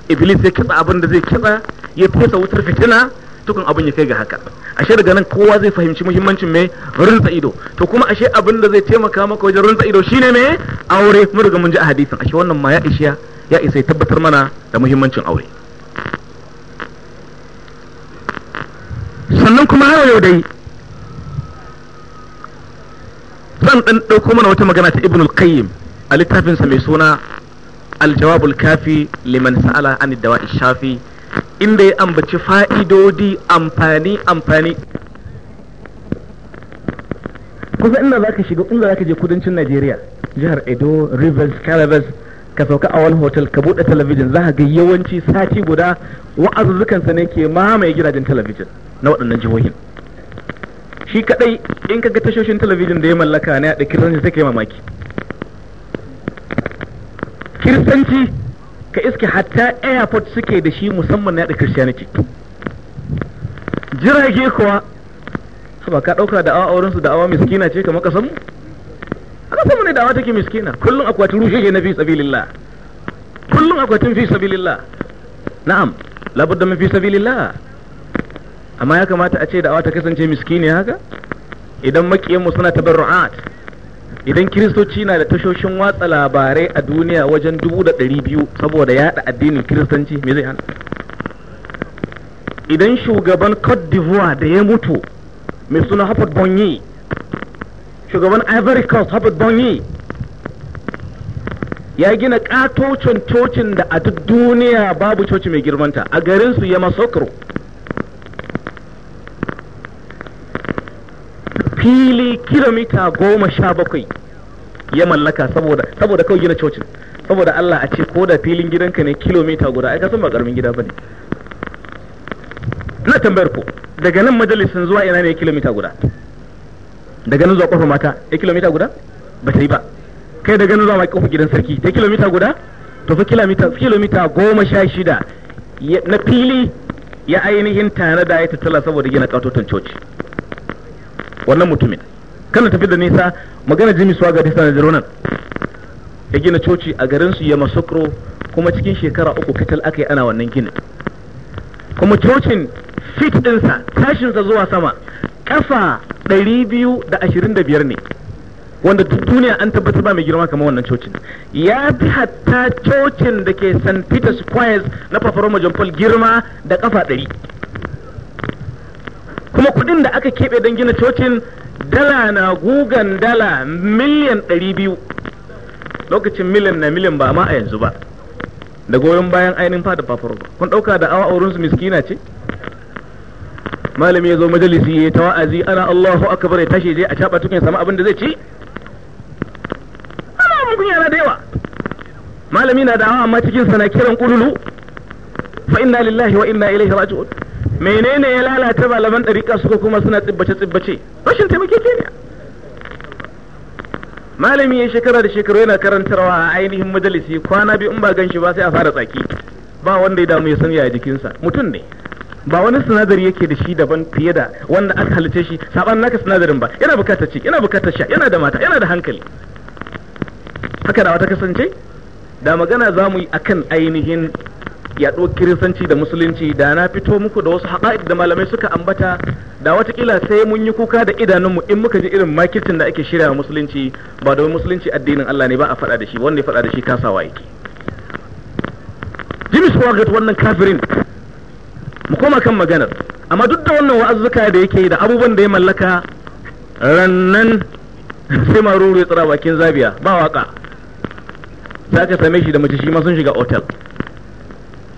iblis ya kitsa abin da zai kitsa ya fesa wutar fitina tukun abin ya kai ga haka ashe daga nan kowa zai fahimci muhimmancin me rinsa ido to kuma ashe abin da zai taimaka maka wajen rinsa ido shine me aure mun riga mun ji a hadisin ashe wannan ma ya ishiya ya isa tabbatar mana da muhimmancin aure sannan kuma har yau dai zan dan dauko mana wata magana ta ibnul qayyim a littafinsa mai suna Aljawabul kafi liman sa'ala an dawa'i shafi inda ya ambaci fa'idodi amfani amfani kusa inda za ka shiga inda za ka je kudancin najeriya jihar edo rivers calabas ka sauka a wani hotel ka buɗe talabijin za ga yawanci sati guda wa'azuzzukansa ne ke mamaye gidajen talabijin na waɗannan jihohin shi kaɗai in ka ga tashoshin talabijin da ya mallaka ne a da kiristanci yi mamaki kiristanci ka iske hatta airport suke da shi musamman na yada christianity jirage kuwa ba ka ɗauka da awa aurensu da awa miskina ce kamar kasanmu a mu ne da awa take miskina kullum akwatin rushe na fi sabilillah kullum akwatin fi sabilillah na'am labudda min fi sabilillah amma ya kamata a ce da awa ta kasance miskina haka idan mu suna tabarru'at idan kiristoci na da tashoshin watsa labarai a duniya wajen dubu da ɗari biyu saboda yaɗa addinin kiristanci me zai hana idan shugaban cote d'ivoire da ya mutu mai suna hafat bonyi shugaban ivory coast hafat bonyi ya gina katocin cocin da a duk duniya babu coci mai girmanta a garinsu ya masokro fili kilomita goma sha bakwai ya mallaka saboda saboda kawai gina cocin saboda Allah a ce ko da filin gidanka ne kilomita guda ai ka san ba karamin gida bane na tambayar ku daga nan majalisin zuwa ina ne kilomita guda daga nan zuwa kofar mata ya kilomita guda ba ta yi ba kai daga nan zuwa kofar gidan sarki ta kilomita guda to fa kilomita kilomita goma sha shida na fili ya ainihin tare da ya tattala saboda gina katoton coci wannan mutumin kana tafi da nisa magana jimi suwa ga disa na nan ya gina coci a garin su yama sokro kuma cikin shekara uku kacal aka yi ana wannan ginin kuma cocin fit ɗinsa tashinsa zuwa sama kafa ɗari biyu da ashirin da biyar ne wanda duk duniya an tabbatar ba mai girma kamar wannan cocin ya fi hatta cocin da ke St. Peter's Square na Papa Roma John girma da kafa ɗari kuma kuɗin da aka keɓe don gina cocin dala na gugan dala miliyan ɗari biyu lokacin miliyan na miliyan ba ma a yanzu ba da goyon bayan ainihin fada fafar ba kun ɗauka da awa su miskina ce malami ya zo majalisi ya ta wa'azi ana Allahu akbar ya tashi je a caɓa tukin sama abin da zai ci ana mun kun na da yawa malami na da awa amma cikin sana kiran kululu fa inna lillahi wa inna ilaihi raji'un menene ya lalata malaman ɗariƙa suka kuma suna tsibbace-tsibbace rashin taimakekeniya malami ya shekara da shekaru yana karantarwa a ainihin majalisi kwana biyu in ba gan shi ba sai a fara tsaki ba wanda ya damu ya sanya a jikinsa mutum ne ba wani sinadari yake da shi daban fiye da wanda aka halice shi saban naka sinadarin ba yana bukatar ci yana bukatar sha yana da mata yana da hankali haka da wata kasance da magana za mu yi akan ainihin yaɗo kiristanci da musulunci da na fito muku da wasu haƙa'id da malamai suka ambata da watakila sai mun yi kuka da idanunmu in muka ji irin makircin da ake shirya musulunci ba domin musulunci addinin Allah ne ba a faɗa da shi wanda ya faɗa da shi kasawa yake jimis wagat wannan kafirin mu koma kan maganar amma duk da wannan wa'azzuka da yake da abubuwan da ya mallaka rannan sai maruru ya tsara bakin zabiya ba waka za ka same shi da mace shi ma sun shiga otal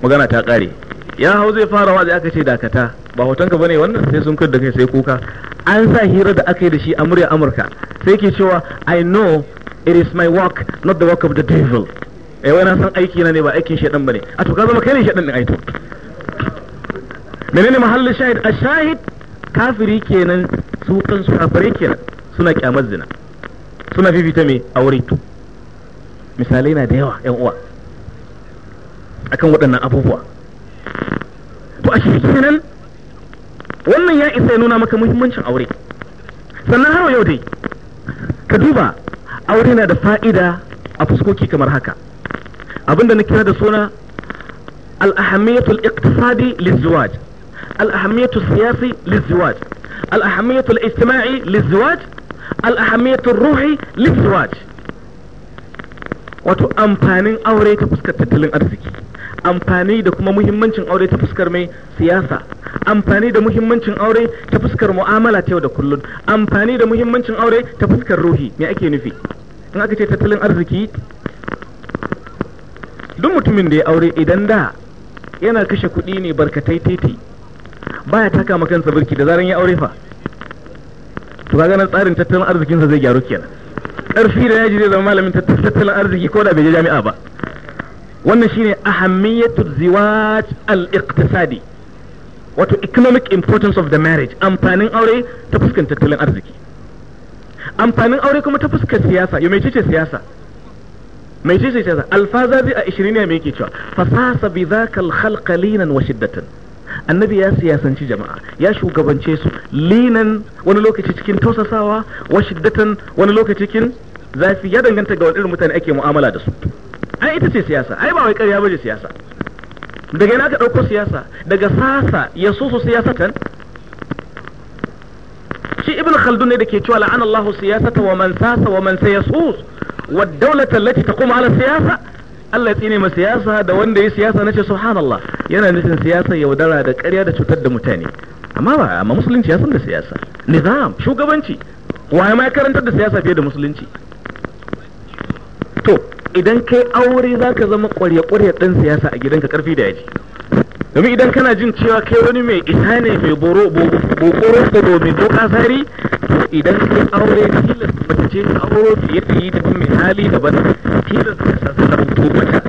magana ta kare ya hau zai fara wazi aka ce dakata ba hotonka bane wannan sai sun kar da kai sai kuka an sa hira da aka yi da shi a murya amurka sai ke cewa i know it is my work not the work of the devil eh wai na san aiki na ne ba aikin shedan bane a to ka zama kai ne shedan din aito menene mahallin shahid a shahid kafiri kenan su kansu kafirai kenan suna kyamar zina suna fifita me aure misalai na da yawa yan uwa akan waɗannan abubuwa to a kenan wannan ya isa ya nuna maka muhimmancin aure sannan har yau dai ka duba aure na da fa'ida a fuskoki kamar haka abinda na kira da suna al-ahammiyatul iqtisadi lizuwaj al-ahammiyatul siyasi lizuwaj al-ahammiyatul ijtima'i lizuwaj al-ahammiyatul ruhi lizuwaj wato amfanin aure ta fuskar tattalin arziki amfani da kuma muhimmancin aure ta fuskar mai siyasa amfani da muhimmancin aure ta fuskar mu'amala ta yau da kullun amfani da muhimmancin aure ta fuskar ruhi me ake nufi in aka ce tattalin arziki duk mutumin da ya aure idan da yana kashe kuɗi ne barkatai titi baya taka kansa birki da zaran ya aure fa to kaga nan tsarin tattalin arzikinsa zai gyaru kenan ƙarfi da yaji zai zama malamin tattalin arziki ko da bai je jami'a ba wannan shine ahammiyatu ziwaj al-iqtisadi wato economic importance of the marriage amfanin aure ta fuskan tattalin arziki amfanin aure kuma ta fuskar siyasa yau mai ce siyasa mai ce siyasa alfazazi a ishiriniya mai yake cewa fasasa bi zaka al-khalqa linan wa shiddatan annabi ya siyasanci jama'a ya shugabance su linan wani lokaci cikin tausasawa wa shiddatan wani lokaci cikin zafi ya danganta ga wani irin mutane ake mu'amala da su ai ita ce siyasa ai ba wai ƙarya bane siyasa daga yana ka ɗauko siyasa daga sasa ya so su siyasatan shi ibn khaldun ne da ke cewa la'ana Allah siyasata wa man sasa wa man sayasus wa dawlata ta taqumu ala siyasa Allah ya tsine ma siyasa da wanda ya siyasa nace subhanallah yana nufin siyasa yaudara da ƙarya da cutar da mutane amma ba amma musulunci ya san da siyasa nizam shugabanci waye ma ya karantar da siyasa fiye da musulunci to idan kai aure za ka zama ƙwarya-ƙwarya ɗan siyasa a gidanka ƙarfi da yaji domin idan kana jin cewa kai wani mai isa ne mai boro bokoro domin mai doka sari idan kai aure tilas mace ce ka su fiye da yi daban mai hali daban tilas ka sa rubutu mata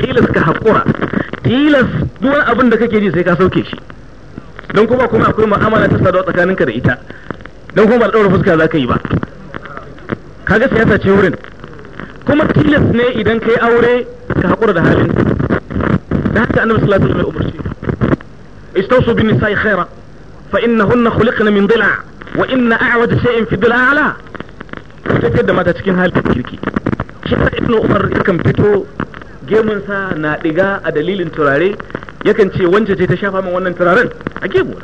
tilas ka haƙura tilas duwan abin da kake ji sai ka sauke shi don kuma kuma akwai mu'amala ta sadawa tsakaninka da ita don kuma ba da ɗaura fuska za ka yi ba kaga siyasa ce wurin kuma tilas ne idan kai aure ka haƙura da halin da haka annabi sallallahu alaihi wasallam umarci istausu bin nisa'i khaira fa innahunna khuliqna min dila wa inna a'waj shay'in fi dila ala take da mata cikin halin kirki shi ibn umar yakan fito gemunsa na diga a dalilin turare yakan ce wanda ce ta shafa min wannan turaren a gemu.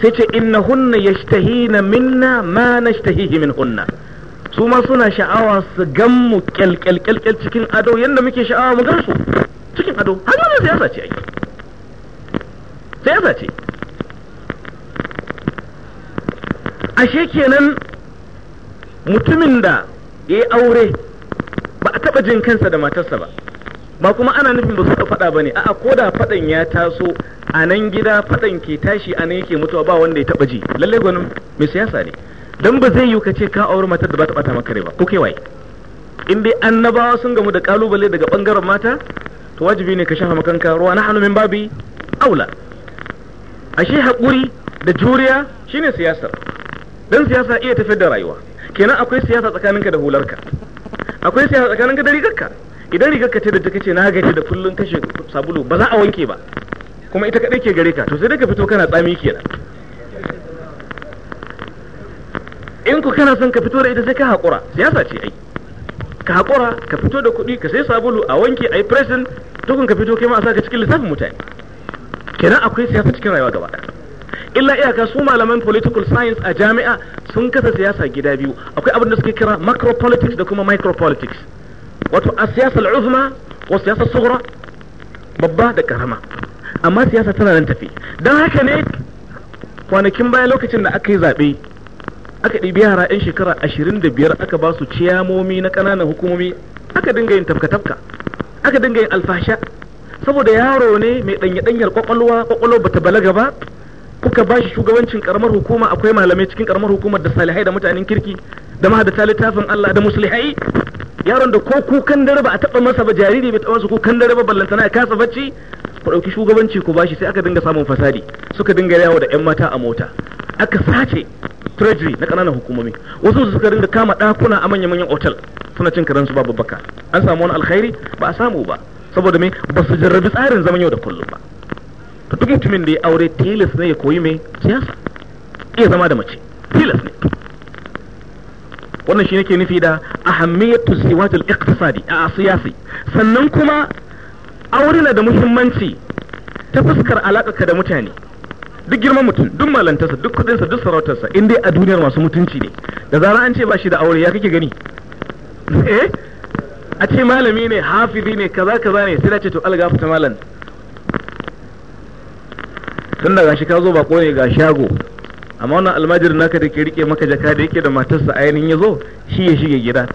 sai ce innahunna yashtahina minna ma nashtahihi minhunna su ma suna sha'awa su gan mu kyalkyalkyalkyal cikin ado yadda muke sha'awa mu gan su cikin ado har yanzu siyasa ce ake siyasa ce ashe kenan mutumin da ya yi aure ba a taba jin kansa da matarsa ba ba kuma ana nufin ba su da faɗa ba ne a'a ko da fadan ya taso a nan gida fadan ke tashi a nan yake mutuwa ba wanda ya taba ji lallai gwanin mai siyasa ne dan ba zai yiwu ka ce ka auri matar da ba ta bata maka ba ko kai waye in dai annabawa sun gamu da kalubale daga bangaren mata to wajibi ne ka shafa makanka ruwa na hanumin babi aula ashe haƙuri da juriya shine siyasar dan siyasa iya tafiyar da rayuwa kenan akwai siyasa tsakaninka da hularka akwai siyasa tsakaninka da rigarka idan rigarka ce da kace na gaji da kullun kashe sabulu ba za a wanke ba kuma ita kadai ke gare ka to sai dai ka fito kana tsami kenan in ku kana son ka fito da ita sai ka haƙura siyasa ce ai ka haƙura ka fito da kuɗi ka sai sabulu a wanke a yi presin tukun ka fito kai ma a saka cikin lissafin mutane kenan akwai siyasa cikin rayuwa gaba ɗaya illa iyaka su malaman political science a jami'a sun kasa siyasa gida biyu akwai abin da suke kira macro politics da kuma micro politics wato a siyasa al'uzma wa siyasa sughra babba da karama amma siyasa tana nan tafi don haka ne kwanakin baya lokacin da aka yi zaɓe aka ɗibi yara 'yan shekara ashirin da biyar aka ba su ciyamomi na ƙananan hukumomi aka dinga yin tafka-tafka aka dinga yin alfasha saboda yaro ne mai ɗanye-ɗanyar kwakwalwa kwakwalwa bata balaga ba kuka ba shi shugabancin ƙaramar hukuma akwai malamai cikin ƙaramar hukumar da salihai da mutanen kirki da mahadata littafin Allah da muslihai yaron da ko kukan dare ba a taɓa masa ba jariri bai taɓa masa kukan dare ba ballantana ya kasa bacci ku ɗauki shugabanci ku ba shi sai aka dinga samun fasadi suka dinga yawo da 'yan mata a mota aka sace treasury na kananan hukumomi wasu su suka ringa kama ɗakuna a manya manyan otal suna cin su babu baka an samu wani alkhairi ba a samu ba saboda me ba su jarrabi tsarin zaman yau da kullum ba to duk mutumin da ya aure tilas ne ya koyi mai siyasa iya zama da mace tilas ne wannan shi nake nufi da ahammiyatu siwatul iqtisadi a siyasi sannan kuma aure na da muhimmanci ta fuskar ka da mutane duk girman mutum duk malantarsa duk kudinsa duk sarautarsa in dai a duniyar masu mutunci ne da zara an ce ba shi da aure ya kake gani eh a ce malami ne hafizi ne kaza kaza ne sai da ce to algafta malam tun da gashi ka zo ba ne ga shago amma wannan almajir naka da ke rike maka jaka da yake da matarsa ainihin ya zo shi ya shige gida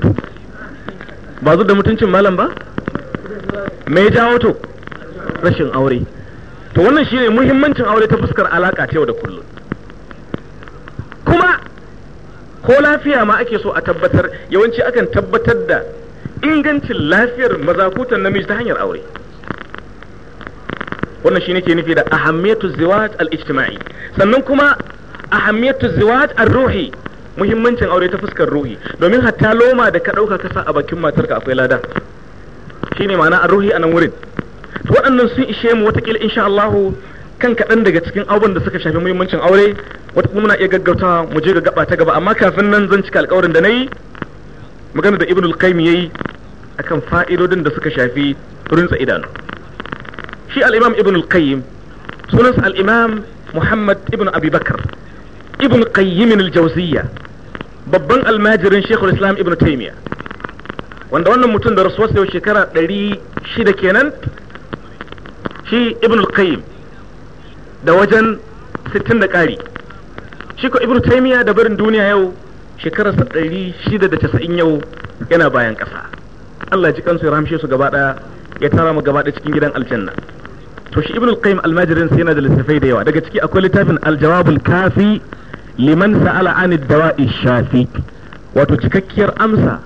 ba zu da mutuncin malam ba me ya jawo to rashin aure to wannan shi ne muhimmancin aure ta fuskar alaka ta yau da kullum kuma ko lafiya ma ake so a tabbatar yawanci akan tabbatar da ingancin lafiyar mazakutan namiji ta hanyar aure wannan ne ke nufi da Ahammetu ziwaj al-ijtima'i sannan kuma ahammiyatu ziwaj ar-ruhi muhimmancin aure ta fuskar ruhi domin hatta loma da ka ɗauka kasa a bakin matarka akwai lada shine ma'ana ar-ruhi nan wurin waɗannan sun ishe mu watakila insha Allah kan kaɗan daga cikin abubuwan da suka shafi muhimmancin aure wata kuma muna iya gaggauta mu je ga gaba ta gaba amma kafin nan zan cika alƙawarin da na yi magana da ibnul qayyim yayi akan fa'idodin da suka shafi rinsa idanu shi al-imam ibnul qayyim sunan al-imam muhammad ibn abi bakr ibn qayyim al-jawziyya babban almajirin Sheikhul islam ibn Taymiyyah wanda wannan mutum da rasuwarsa yau shekara 600 kenan shi ibn al-qayyim da wajen 60 da ƙari shi ko ibn taymiya da barin duniya yau shekara 690 yau yana bayan kasa. Allah ji kansu ya ramshe su gaba ya tara mu gaba cikin gidan aljanna to shi ibn al-qayyim almajirin sai yana da littafai da yawa daga ciki akwai littafin al-jawabul kafi liman sa'ala an ad-dawa'i shafi wato cikakkiyar amsa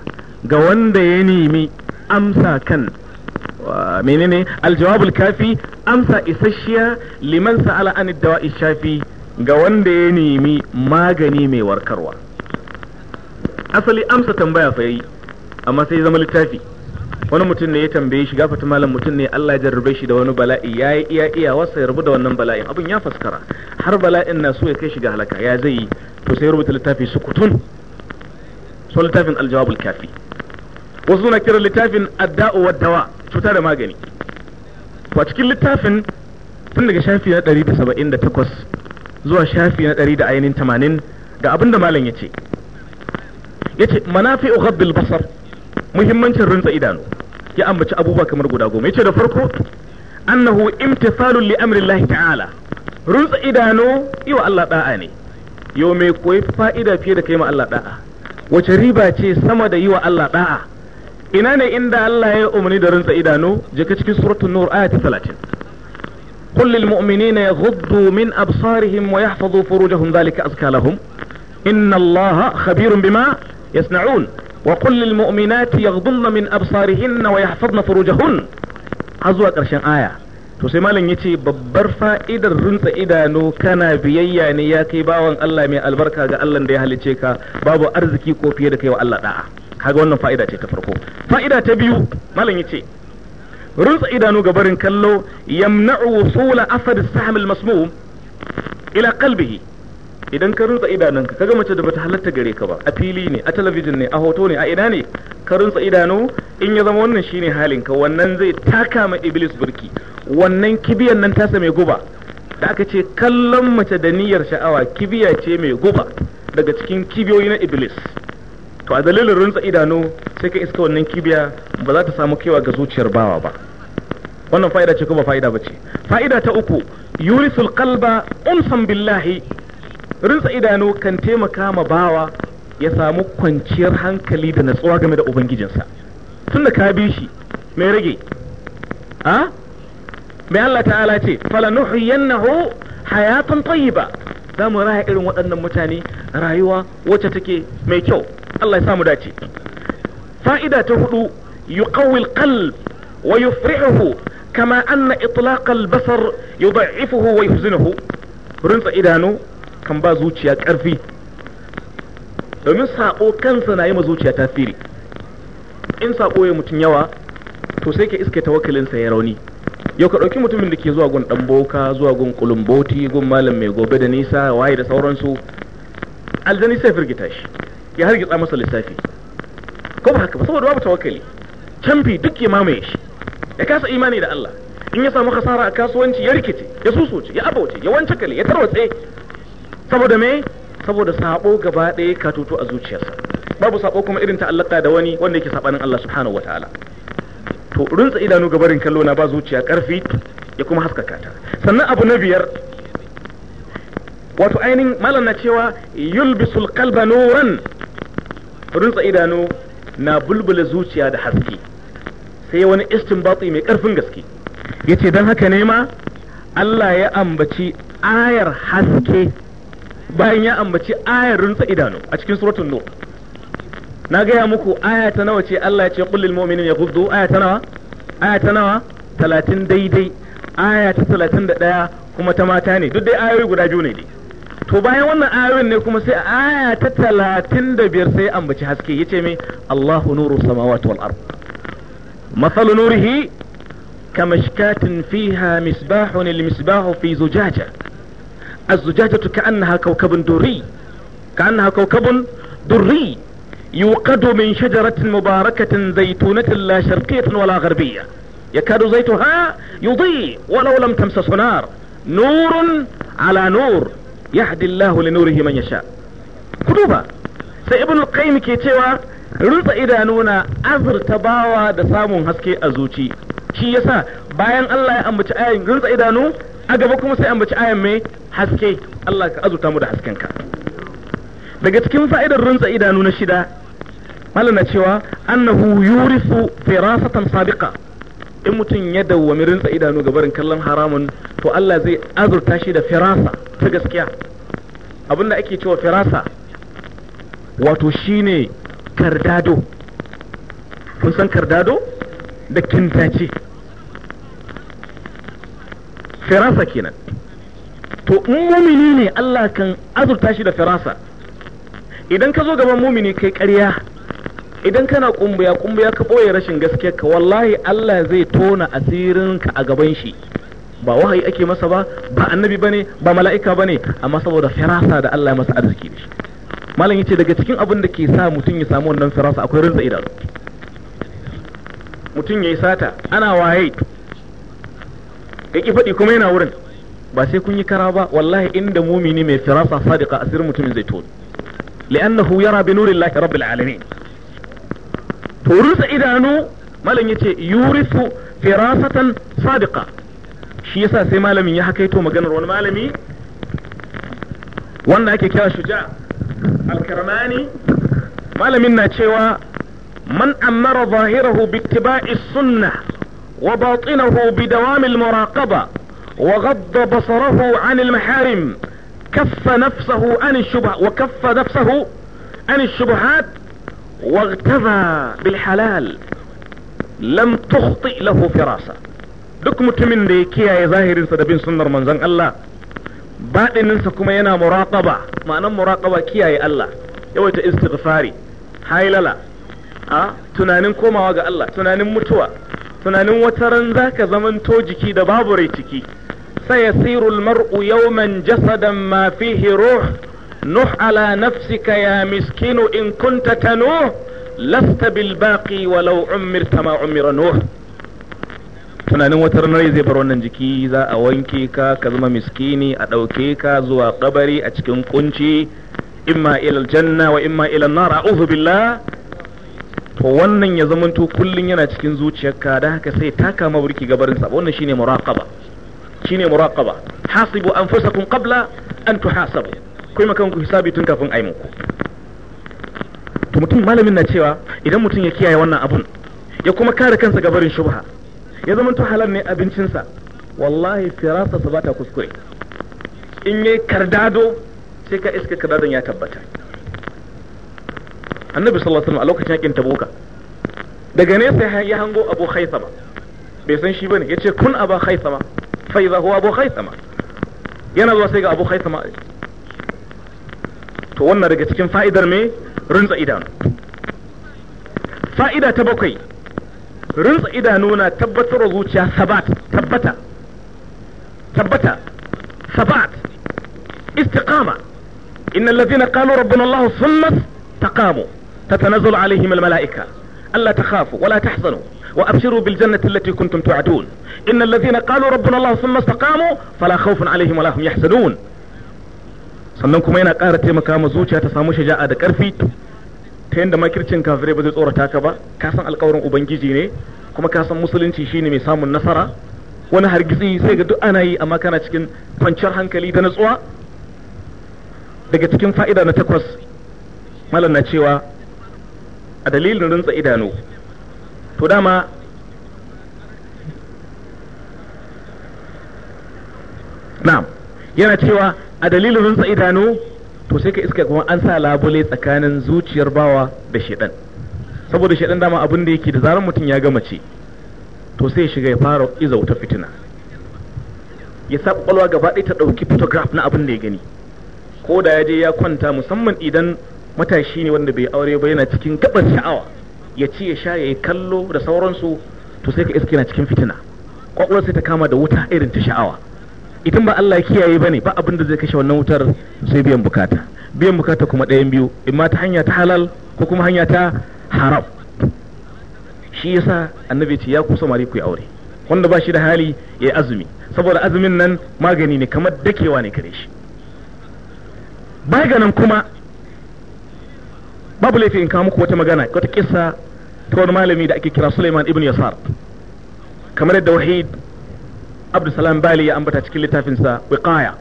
ga wanda ya nemi amsa kan menene aljawabul kafi amsa isashiya liman sa'ala an dawa'i shafi ga wanda ya nemi magani mai warkarwa asali amsa tambaya fa yi amma sai zama littafi wani mutum ne ya tambaye shi gafata malam mutum ne Allah ya jarrabe shi da wani bala'i ya yi iya iya wasa ya rubuta wannan bala'in abin ya faskara har bala'in na so ya kai shi ga halaka ya zai yi to sai rubuta littafi sukutun so littafin aljawabul wasu na kiran littafin adda'u wa dawa cuta da magani a cikin littafin tun daga shafi na 178 zuwa shafi na 100 da ainihin 80 ga abin da malam yace yace fi ghabbil basar muhimmancin rinsa idanu ya ambaci abubuwa kamar guda goma Ya ce da farko annahu imtithalun li amri ta'ala runtsa idanu yiwa Allah da'a ne yau mai koyi fa'ida fiye da kai ma Allah da'a wace riba ce sama da yiwa Allah da'a ina ne inda Allah ya umarni da rinsa idanu jika cikin suratul nur aya ta 30 qul lil mu'minina yaghuddu min absarihim wa yahfazu furujahum dhalika azka lahum inna Allah khabirun bima yasna'un wa qul lil mu'minati yaghdhunna min absarihinna wa yahfazna furujahun zuwa karshen aya to sai malam yace babbar fa'idar rinsa idanu kana biyayya ne ya kai bawan Allah mai albarka ga Allah da ya halice ka babu arziki ko fiye da kai wa Allah da'a kaga wannan fa'ida ce ta farko fa'ida ta biyu malam yace runtsa idanu ga barin kallo yamna'u wusula asad sahm al-masmum ila qalbihi idan ka runtsa idanunka kaga mace da bata halatta gare ka ba a fili ne a talabijin ne a hoto ne a ina ne ka runtsa idanu in ya zama wannan shine halin ka wannan zai taka ma iblis burki wannan kibiyar nan tasa mai guba da aka ce kallon mace da niyyar sha'awa kibiya ce mai guba daga cikin kibiyoyi na iblis to a dalilin runtsa idanu sai ka iska wannan kibiya ba za ta samu kewa ga zuciyar bawa ba wannan fa'ida ce kuma fa'ida ba ce fa'ida ta uku yurisul qalba umsan billahi runtsa idanu kan taimaka ma bawa ya samu kwanciyar hankali da natsuwa game da ubangijinsa da ka bi shi mai rage a mai Allah ta'ala ce fala nuhiyannahu hayatan tayyiba za mu raya irin waɗannan mutane rayuwa wacce take mai kyau Allah ya samu dace fa'ida ta hudu yuqawwi alqalb wa yufrihu kama anna itlaq albasar yud'ifuhu wa yuhzinuhu rinsa idanu kan ba zuciya karfi domin sako kansa na yi ma zuciya tasiri in sako ya mutum yawa to sai ka iske tawakkalinsa ya rauni yau ka ɗauki mutumin da ke zuwa gun ɗan boka zuwa gun kulumboti gun malam mai gobe da nisa waye da sauransu aljani sai firgita shi ya hargitsa masa lissafi ko ba haka ba saboda babu tawakkali canfi duk ya mamaye shi ya kasa imani da Allah in ya samu kasara a kasuwanci ya rikice ya susuce ya abauce ya wance kale ya tarwatse saboda me saboda sabo gaba ɗaya ka tutu a zuciyarsa babu sabo kuma irin ta'allaka da wani wanda yake sabanin Allah subhanahu wataala to runtsa idanu gabarin kallo na ba zuciya karfi ya kuma haskaka ta sannan abu na biyar wato ainihin malam na cewa yulbisul qalba nuran rutsa idanu na bulbula zuciya da haske sai wani batsi mai karfin gaske Ya ce dan haka ne ma Allah ya ambaci ayar haske bayan ya ambaci ayar rutsa idanu a cikin suratun nur na gaya muku aya ta nawa ce Allah ya ce qul lil mu'minin yaghuddu aya ta nawa aya ta nawa 30 daidai aya ta 31 kuma ta mata ne duk dai ayoyi guda biyu ne dai to bayan wannan ayoyin ne kuma sai aya ta talatin da biyar sai ambaci haske ya ce mai Allahu nuru samawati wal ard mathalu nurihi kamashkatin fiha misbahun lil misbahu fi zujaja الزجاجة كأنها كوكب دري كأنها كوكب دري يوقد من شجرة مباركة زيتونة لا شرقية ولا غربية يكاد زيتها يضيء ولو لم تمسس نار نور على نور yahdi Allahu li nurihi man yasha ku sai ibn al-qayyim ke cewa rutsa idanuna azurta bawa da samun haske a zuci shi yasa bayan Allah ya ambaci ayan rutsa idanu a gaba kuma sai ambaci ayan mai haske Allah ka azurta mu da hasken ka daga cikin fa'idar rutsa idanu na shida mallan na cewa annahu yurisu firasatan sabiqa in mutum ya dawwami rinsa idanu ga barin kallon haramun to Allah zai azurta shi da firasa ta gaskiya abinda ake cewa firasa wato shine kardado kun san kardado da kintace firasa kenan to in mumini ne Allah kan azurta shi da firasa idan ka zo gaban mumini kai ƙarya idan kana kumbuya kumbuya ka boye rashin gaskiyar ka wallahi Allah zai tona asirin ka a gaban shi ba wahayi ake masa ba ba annabi bane ba mala'ika bane amma saboda firasa da Allah ya masa arziki da shi malam yace daga cikin abin da ke sa mutum ya samu wannan firasa akwai rinza idanu mutum yayi sata ana waye kake ki faɗi kuma yana wurin ba sai kun yi kara ba wallahi inda mumini mai firasa sadiqa asirin mutumin zai tona li'annahu yara bi nurillahi rabbil alamin تورس إدانو ما لن يتي يورس فراسة صادقة شي يسا سي ما لم يحكيتو مغنر وان ما لم وانا كي شجاع الكرماني ما لم يناتشيوا من أمر ظاهره باتباع السنة وباطنه بدوام المراقبة وغض بصره عن المحارم كف نفسه عن الشبه وكف نفسه عن الشبهات واغتذى بالحلال lam tukhti lahu firasa duk mutumin da ya kiyaye zahirinsa da bin sunnar manzon Allah baɗininsa kuma yana muraqaba ma'anan muraqaba kiyaye Allah yawaita istighfari hailala a tunanin komawa ga Allah tunanin mutuwa tunanin wata ran zaka zamanto jiki da babu rai ciki yasirul mar'u yawman jasadan ma fihi ruh نح على نفسك يا مسكين إن كنت كنوح لست بالباقي ولو عمرت ما عمر نوح tunanin wata ranar zai bar wannan jiki za a wanke ka ka zama miskini a ɗauke ka zuwa kabari a cikin kunci imma ilal janna wa imma ilal nar a'udhu billah to wannan ya zamanto kullun yana cikin zuciyarka da haka sai taka maburki gabarin sa wannan shine muraqaba shine muraqaba hasibu anfusakum qabla an tuhasabu ku ma kanku ku hisabi tun kafin a yi muku to mutum malamin na cewa idan mutum ya kiyaye wannan abun ya kuma kare kansa ga barin shubha ya zama to halal ne abincinsa wallahi firasa sa bata kuskure in yayi kardado sai ka iska kardadon ya tabbata annabi sallallahu alaihi a lokacin yakin tabuka daga nesa ya hango abu sama bai san shi bane yace kun abu haithama fa idza huwa abu sama yana zuwa sai ga abu sama. to wannan daga cikin fa'idar me rinsa idanu fa'ida ta bakwai rinsa idanu na tabbatar zuciya sabat tabbata tabbata sabat istiqama إن الذين قالوا ربنا الله ثم تقاموا تتنزل عليهم الملائكة ألا تخافوا ولا تحزنوا وأبشروا بالجنة التي كنتم تعدون إن الذين قالوا ربنا الله ثم استقاموا فلا خوف عليهم ولا هم يحزنون sannan kuma yana ƙara taimaka ma zuciya ta samu shaja'a da ƙarfi ta yadda makircin kafire ba zai tsorata ka ba ka san alƙawarin ubangiji ne kuma ka san musulunci shine mai samun nasara wani hargitsi sai ga duk ana yi amma kana cikin kwanciyar hankali da natsuwa daga cikin fa'ida na takwas malam na cewa a dalilin rintsa idanu to dama na'am yana cewa a dalilin runtsa idanu to sai ka iska kuma an sa labule tsakanin zuciyar bawa da shedan saboda shedan dama abin da yake da zarar mutum ya gama ce to sai ya shiga ya fara iza ta fitina ya sa kwakwalwa gaba ɗaya ta ɗauki photograph na abin da ya gani ko da ya je ya kwanta musamman idan matashi ne wanda bai aure ba yana cikin gabar sha'awa ya ci ya sha ya yi kallo da sauransu to sai ka iska yana cikin fitina kwakwalwa sai ta kama da wuta irin ta sha'awa idan ba Allah ya kiyaye bane ba abin da zai kashe wannan wutar sai biyan bukata biyan bukata kuma ɗayan biyu imma ta hanya ta halal ko kuma hanya ta haram shi yasa annabi ce ya ku samari ku aure wanda ba shi da hali ya azumi saboda azumin nan magani ne kamar dakewa ne kare shi baganan kuma babu laifi in kawo muku wata magana wata kissa ta wani malami da ake kira Sulaiman ibn Yasar kamar yadda Wahid Abdulsalam Bali ya ambata cikin littafinsa Wiqaya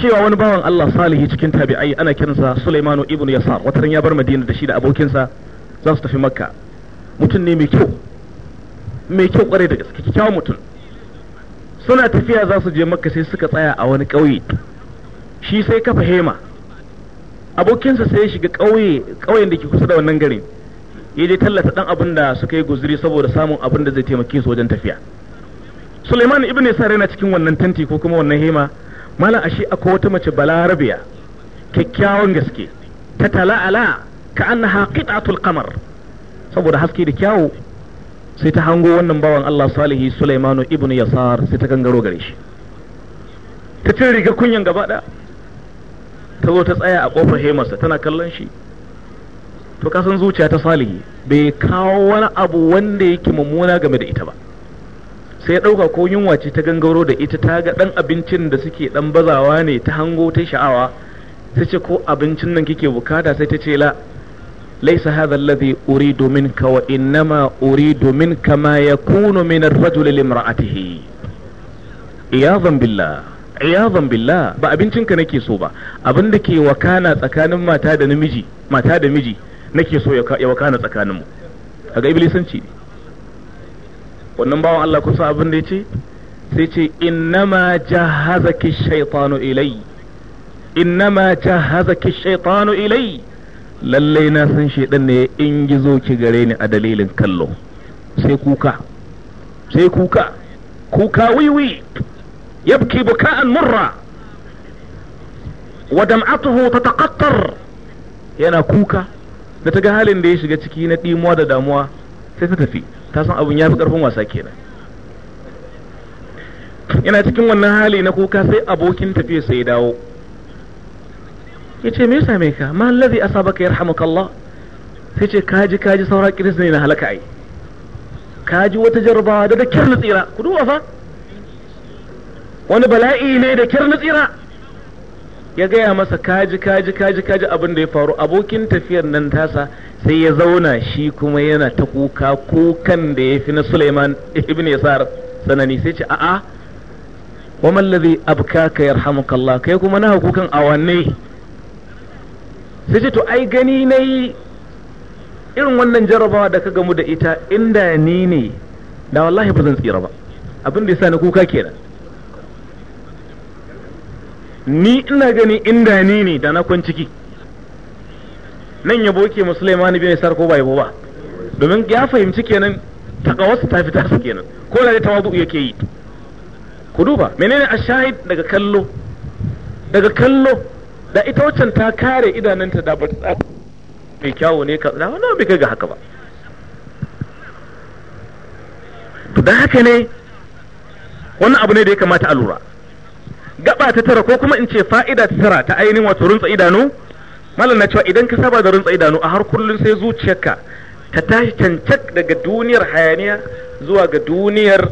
cewa wani bawan Allah salihi cikin tabi'ai ana kiransa Sulaimanu ibn Yasar wata ya bar Madina da shi da abokinsa za su tafi Makka mutum ne mai kyau mai kyau kware da gaske kyakkyawan mutum suna tafiya za su je Makka sai suka tsaya a wani ƙauye shi sai kafa hema abokinsa sai ya shiga ƙauye ƙauyen da ke kusa da wannan garin ya je tallata dan abin da suka yi guzuri saboda samun abin da zai taimake su wajen tafiya Suleiman ibn Yasar yana cikin wannan tanti ko kuma wannan hema malam ashe akwai wata mace balarabiya kyakkyawan gaske ta tala'ala ka annaha haqiqatul qamar saboda haske da kyawu sai ta hango wannan bawan Allah salihi suleiman ibn Yasar sai ta gangaro gare shi ta cire riga kunyan gaba ta zo ta tsaya a kofar hemarsa tana kallon shi to kasan zuciya ta salihi bai kawo wani abu wanda yake mummuna game da ita ba sai ɗauka ko yunwa ce ta gangaro da ita ta ga ɗan abincin da suke ɗan bazawa ne ta hango ta sha'awa sai ce ko abincin nan kike bukata sai ta ce la laisa hadha alladhi uridu minka wa innama uridu minka ma yakunu min ar-rajuli limra'atihi iyadan billah iyadan billah ba abincin ka nake so ba abin da ke wakana tsakanin mata da namiji mata da miji nake so ya wakana tsakaninmu kaga iblisanci ne wannan bawan Allah kusa abin da ya ce sai ce innama jahazaki shaitanu ilai innama jahazaki shaitanu ilai lallai na san shaidan ne in gizo ki gare ni a dalilin kallo sai kuka sai kuka kuka wiwi yabki buka'an murra wa ta tataqattar yana kuka da ta ga halin da ya shiga ciki na ɗimuwa da damuwa sai ta tafi ta san abun ya fi karfin wasa kenan ina cikin wannan hali na kuka sai abokin tafiya sai dawo ya ce me same ka ma allazi asabaka Allah sai ce kaji kaji saura kiris ne na halaka ai kaji wata jarabawa da da kyar tsira ku duba fa wani bala'i ne da kyar tsira ya gaya masa kaji kaji kaji kaji abin da ya faru abokin tafiyar nan tasa sai ya zauna shi kuma yana ta kuka kukan da ya fi na Suleiman ibn Yasar sanani sai ce a'a wa mallazi abkaka yarhamukallah kai kuma na kukan awanne sai ce to ai gani nayi irin wannan jarabawa da ka gamu da ita inda ni ne da wallahi ba zan tsira ba abin da yasa na kuka kenan ni ina gani inda ni ne da na kwanciki ciki nan ya boke musulmani bai sarko bai ba domin ya fahimci kenan wasu ta fita su kenan ko da tawadu yake yi ku duba menene ashahid daga kallo daga kallo da ita waccan ta kare idananta da ba ta mai kyawu ne ka da wannan bai kai ga haka ba to dan haka ne wannan abu ne da ya kamata a lura gaba ta tara ko kuma in ce fa'ida ta tara ta ainihin wato runtsa idanu malam na cewa idan ka saba da rantsa idanu a har kullun sai zuciyarka ta tashi cancak daga duniyar hayaniya zuwa ga duniyar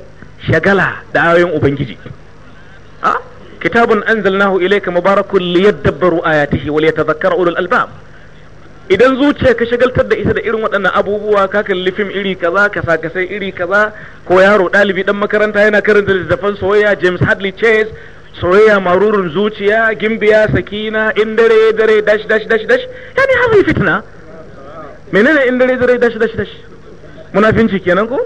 shagala da ayoyin ubangiji a kitabun anzalnahu ilayka mubarakun liyadabbaru ayatihi wa liyatadhakkara ulul albab idan zuciya ka shagaltar da isa da irin waɗannan abubuwa ka kalli fim iri kaza ka sa iri kaza ko yaro ɗalibi ɗan makaranta yana karanta littattafan soyayya James Hadley Chase soyayya marurin zuciya gimbiya sakina in dare dare dash dash dash dash yani hazi fitna menene in dare dare dash dash dash munafinci kenan ko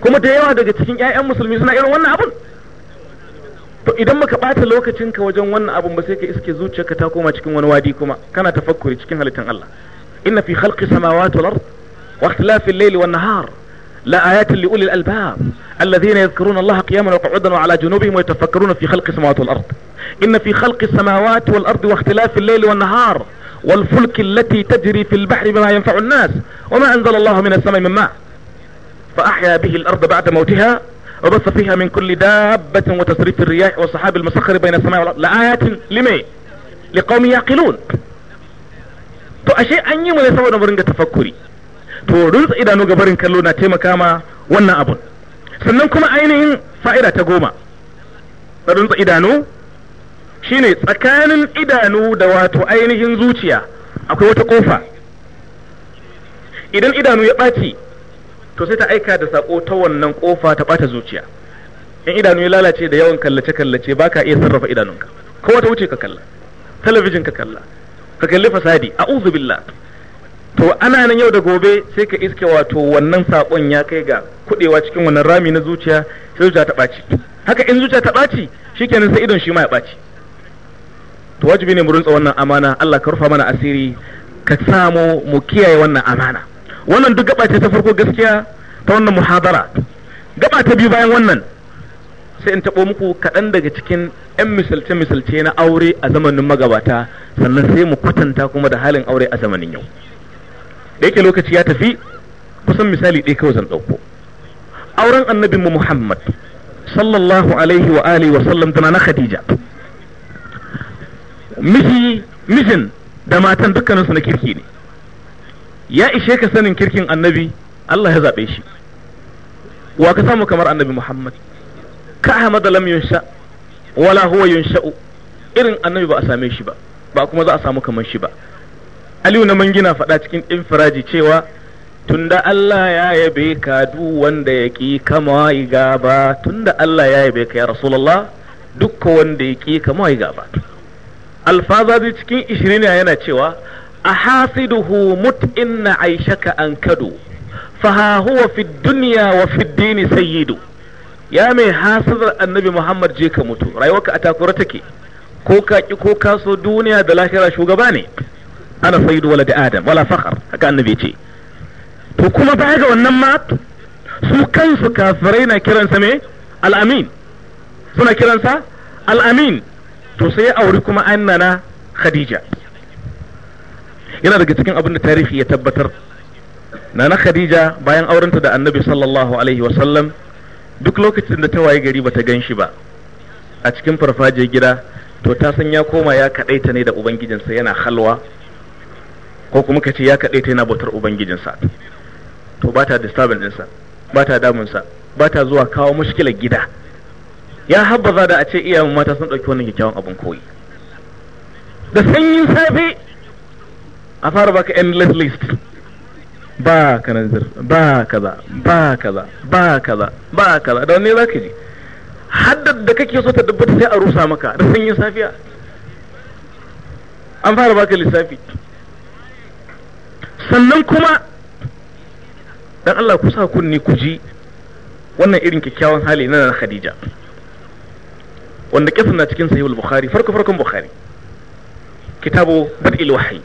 kuma da yawa daga cikin ƴaƴan musulmi suna irin wannan abun to idan baka ɓata lokacinka wajen wannan abun ba sai ka iske zuciyarka ta koma cikin wani wadi kuma kana tafakkuri cikin halittar Allah inna fi khalqi samawati wal ard wa ikhtilafi al-layli wan nahar لآيات لأولي الألباب الذين يذكرون الله قياما وقعودا وعلى جنوبهم ويتفكرون في خلق السماوات والأرض إن في خلق السماوات والأرض واختلاف الليل والنهار والفلك التي تجري في البحر بما ينفع الناس وما أنزل الله من السماء من ماء فأحيا به الأرض بعد موتها وبث فيها من كل دابة وتصريف الرياح والسحاب المسخر بين السماء والأرض لآيات لمن؟ لقوم يعقلون تو أشيء اني yi mu ne تفكري to rutsa idanu ga barin kallo na taimaka ma wannan abun sannan kuma ainihin fa'ida ta goma na idanu shine tsakanin idanu da wato ainihin zuciya akwai wata kofa idan idanu ya ɓaci to sai ta aika da sako ta wannan kofa ta ɓata zuciya in idanu ya lalace da yawan kallace-kallace baka iya sarrafa idanunka ko wata wuce ka kalla talabijin ka kalla ka kalli fasadi a'udhu billah to ana nan yau da gobe sai ka iske wato wannan sakon ya kai ga kudewa cikin wannan rami na zuciya sai zuciya ta ɓaci haka in zuciya ta ɓaci shikenan sai idon shi ma ya ɓaci to wajibi ne mu rinsa wannan amana Allah ka rufa mana asiri ka samu mu kiyaye wannan amana wannan duk gaba ta farko gaskiya ta wannan muhadara gaba ta biyu bayan wannan sai in taɓo muku kaɗan daga cikin 'yan misalce-misalce na aure a zamanin magabata sannan sai mu kwatanta kuma da halin aure a zamanin yau da yake lokaci ya tafi kusan misali ɗaya kawai zan ɗauko auren annabin mu Muhammad sallallahu alaihi wa alihi wa sallam da na Khadija miji mijin da matan dukkaninsu na kirki ne ya ishe ka sanin kirkin annabi Allah ya zaɓe shi wa ka samu kamar annabi Muhammad ka Ahmad lam yunsha wala huwa yunsha'u irin annabi ba a same shi ba ba kuma za a samu kamar shi ba aliyu na mangina faɗa cikin infiraji cewa tunda Allah ya yabe ka duk wanda ya ƙi kama yi gaba tunda Allah ya yabe ka ya rasulullah dukka wanda ya ƙi kama yi gaba alfazazi cikin ishirin yana cewa a hasiduhu inna aishaka an kado faha huwa fi duniya wa fi dini sayyidu ya mai hasidar annabi muhammad je ka mutu rayuwarka a takura take ko ka ko ka so duniya da lafiya shugaba ne ana wala da adam wala fakhar haka annabi ce to kuma baya ga wannan ma su kansu kafirai na kiransa me al suna kiransa al-amin to sai ya auri kuma annana khadija yana daga cikin abin da tarihi ya tabbatar nana khadija bayan aurenta da annabi sallallahu alaihi wasallam duk lokacin da ta waye gari bata gan shi ba a cikin farfajiyar gida to ta san ya koma ya ta ne da ubangijinsa yana halwa ko kuma ka ce ya kaɗai ta yana bautar ubangijinsa to ba ta disturbing ɗinsa ba ta damunsa ba ta zuwa kawo mushkilar gida ya habbaza da a ce iyayen mata sun ɗauki wani kyakkyawan abin koyi da sanyin safe a fara baka endless list ba ka nazar ba kaza ba kaza ba kaza ba kaza da wanne zaka ji haddad da kake so ta dubbata sai a rusa maka da sanyin safiya an fara baka lissafi sannan kuma dan Allah ku sa kunni ku ji wannan irin kyakkyawan hali na Khadija wanda kisan na cikin sahihul bukhari farko farkon bukhari kitabu bad'il wahyi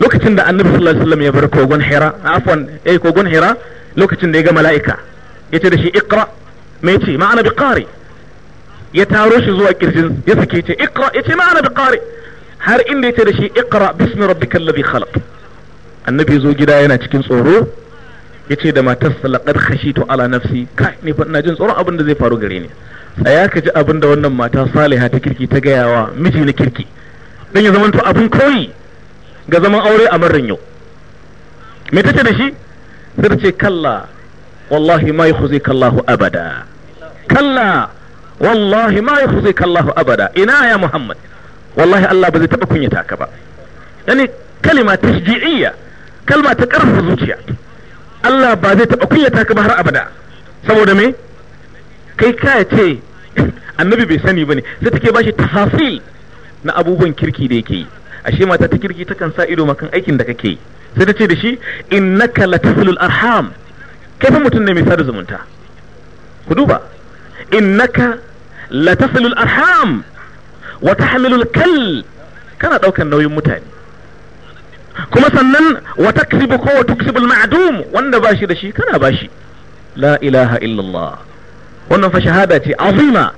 lokacin da annabi sallallahu alaihi wasallam ya bar kogon hira afwan eh kogon hira lokacin da ya ga mala'ika yace da shi iqra me yace ma ana biqari ya taro shi zuwa kirjin ya sake yace iqra yace ma ana biqari har inda yace da shi iqra bismi rabbikal ladhi khalaq annabi zo gida yana cikin tsoro ya ce da matarsa laqad khashitu ala nafsi kai ni fa ina jin tsoron abin da zai faru gare ni tsaya ka ji abin da wannan mata saliha ta kirki ta gaya wa miji na kirki dan ya zamanto abin koyi ga zaman aure a marin yau me tace da shi sai ce kalla wallahi ma yukhzika kallahu abada kalla wallahi ma abada ina ya Muhammad wallahi Allah ba zai taba kunyata ka ba yani kalima tashji'iyya kalma ta ƙarfafa zuciya Allah ba zai taɓa kunyata ka ba har abada saboda me kai ka ce annabi bai sani bane sai take bashi tahafil na abubuwan kirki da yake yi ashe mata ta kirki takan sa ido makan aikin da kake yi sai ta ce da shi innaka latasilul arham kai fa mutum ne mai sada zumunta ku duba innaka latasilul arham wa tahmilul kal kana daukan nauyin mutane kuma sannan wa takribu ko wa tuksibul ma'dum wanda bashi da shi kana bashi la ilaha illallah wannan fa shahada ce azima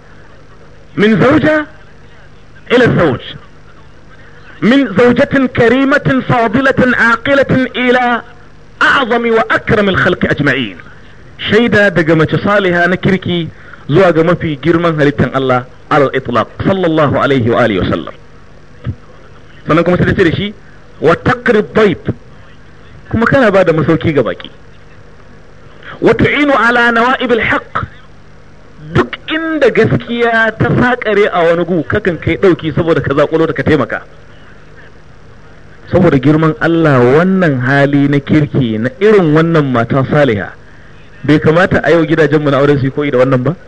min zauja ila zauj ila a'zami wa akram al khalqi ajma'in واكرم daga mace saliha na kirki zuwa ga mafi girman halittan Allah al itlaq sallallahu alaihi wa alihi wa sallam sannan kuma sai da shi wa takrib kuma kana ba da masauki ga baki wa tu'inu ala nawa'ib alhaq duk inda gaskiya ta sakare a wani gu kakan kai dauki saboda ka zakulo ta ka taimaka saboda girman Allah wannan hali na kirki na irin wannan mata saliha bai kamata a yau gidajenmu na aure su koyi da wannan ba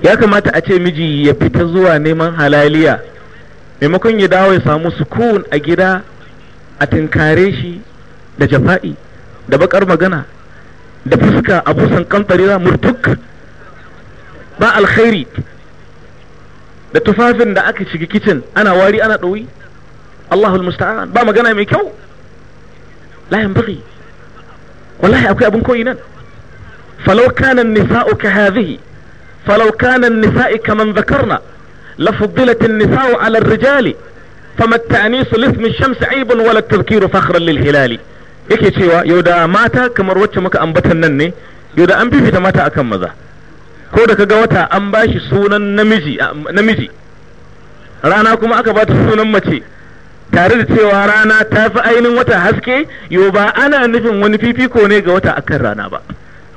ya kamata a ce miji ya fita zuwa neman halaliya maimakon ya dawo ya samu sukun a gida a tinkare shi da jafa'i da bakar magana da fuska a busan kamfarira murtuk ba alkhairi da tufafin da aka shiga kicin ana wari ana ɗoyi Allahul musta'an ba magana mai kyau layan bari wallahi akwai abin koyi nan falau kanan nisa'u ka hadhihi falau kanan nisa'i kaman zakarna لفضلت النساء على الرجال فما التأنيس لاسم الشمس عيب ولا التذكير فخرا للهلال yake cewa yau da mata kamar wacce muka ambatan nan ne yau da an fifita mata akan maza ko da kaga wata an bashi sunan namiji namiji rana kuma aka bata sunan mace tare da cewa rana ta fi ainihin wata haske yau ba ana nufin wani fifiko ne ga wata akan rana ba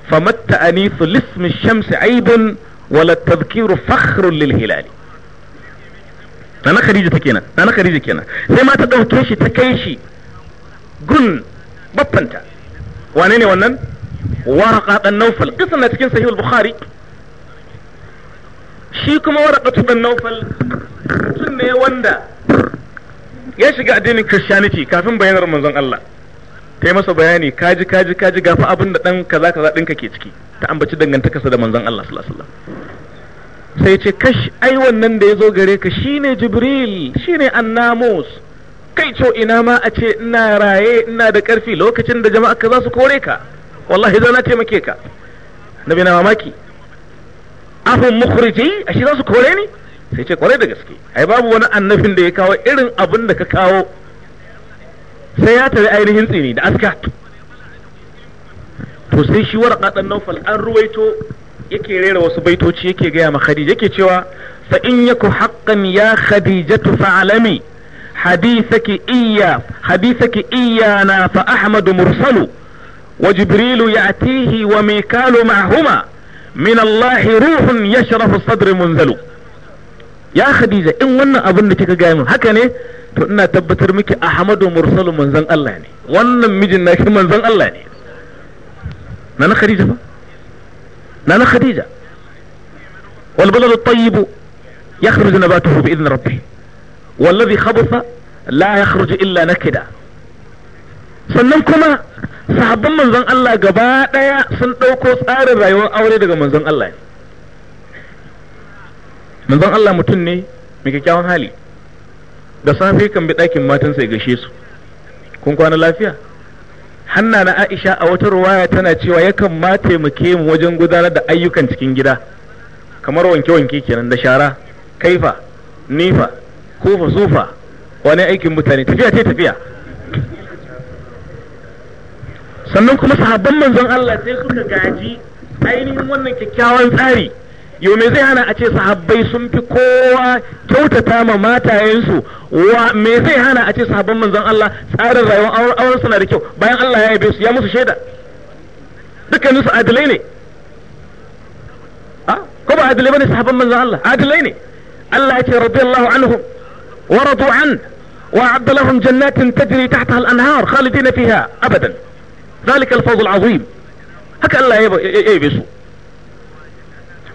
famatta anisu lismi shamsi aibun wala tazkiru fakhrun lil nana Khadija fa kenan nana Khadija kenan sai ma ta dauke shi ta kai shi gun baffanta wane ne wannan waraka dan naufal kisan na cikin al bukhari shi kuma waraka dan naufal tun ne wanda ya shiga addinin christianity kafin bayanar manzon Allah ta yi masa bayani kaji kaji kaji gafa abin da dan kaza kaza ɗinka ke ciki ta ambaci dangantakarsa da manzon Allah sallallahu alaihi wasallam sai ce kash ai wannan da ya zo gare ka shine jibril shine annamus kai co ina ma a ce ina raye ina da karfi lokacin da jama'a ka za su kore ka wallahi za na taimake ka nabi na mamaki afin mukhriji a shi za su kore ni sai ce kore da gaske ai babu wani annabin da ya kawo irin abin da ka kawo sai ya tare ainihin tsini da aska to sai shi warqa dan naufal an ruwaito yake rera wasu baitoci yake gaya ma Khadija yake cewa fa in yaku haqqan ya khadijatu alami hadithaki iyya hadithaki iyya na fa ahmadu mursalu wa jibrilu ya'tihi wa mikalu ma'huma min Allah ruhun yashrafu sadri munzalu ya khadija in wannan abin da kika gaya min haka ne to ina tabbatar miki ahmadu mursalu manzon Allah ne wannan mijin na shi manzon Allah ne na na khadija fa nana khadija wal baladu tayyibu yakhruju nabatuhu bi idni rabbih wallazi sannan kuma sahabban manzon Allah gaba ɗaya sun ɗauko tsarin rayuwar aure daga manzon Allah manzon Allah mutum ne mai kyakkyawan hali da safe kan bi ɗakin matansa ya gaishe su kun kwana lafiya hanna na aisha a wata ruwaya tana cewa yakan ma taimake mu wajen gudanar da ayyukan cikin gida kamar wanke-wanke kenan da shara kaifa nifa kofa sufa wani aikin mutane tafiya ce tafiya sannan kuma sahabban manzon Allah sai suka gaji ainihin wannan kyakkyawan tsari yau me zai hana a ce sahabbai sun fi kowa kyautata ma matayensu wa me zai hana a ce sahabban manzon Allah tsarin rayuwar auren suna da kyau bayan Allah ya yabe su ya musu shaida dukkan su adalai ne a ko ba adalai bane sahabban manzon Allah adalai ne Allah ya ce radiyallahu anhum wa radu an wa abdalahum jannatin tajri tahtaha al-anhar khalidina fiha abadan al-fawz al-azim haka Allah ya yabe su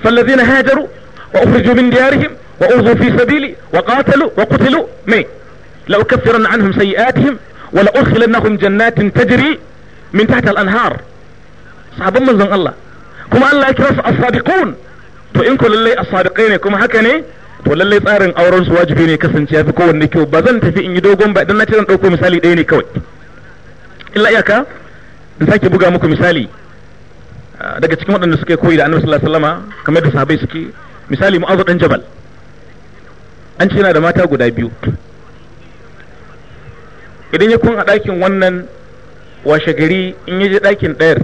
فالذين هاجروا وأخرجوا من ديارهم وأرضوا في سبيلي وقاتلوا وقتلوا مي لأكفرن عنهم سيئاتهم ولأخلنهم جنات تجري من تحت الأنهار صعب مزن الله كما أن لا يكرس الصادقون تو إنكو للي الصادقين كما هكني تو للي صارن أورن سواجبيني كسن شافكو ونكو بزن تفي إن يدوغم بعد أن نتلن أوكو مثالي ديني كوي إلا إياكا نساكي بقى مكو مثالي daga cikin waɗanda suka koyi da annabi sallallahu alaihi wasallama kamar da sahabbai suke misali mu'azu dan jabal an ce yana da mata guda biyu idan ya kun a ɗakin wannan washe gari in ya je ɗakin ɗayar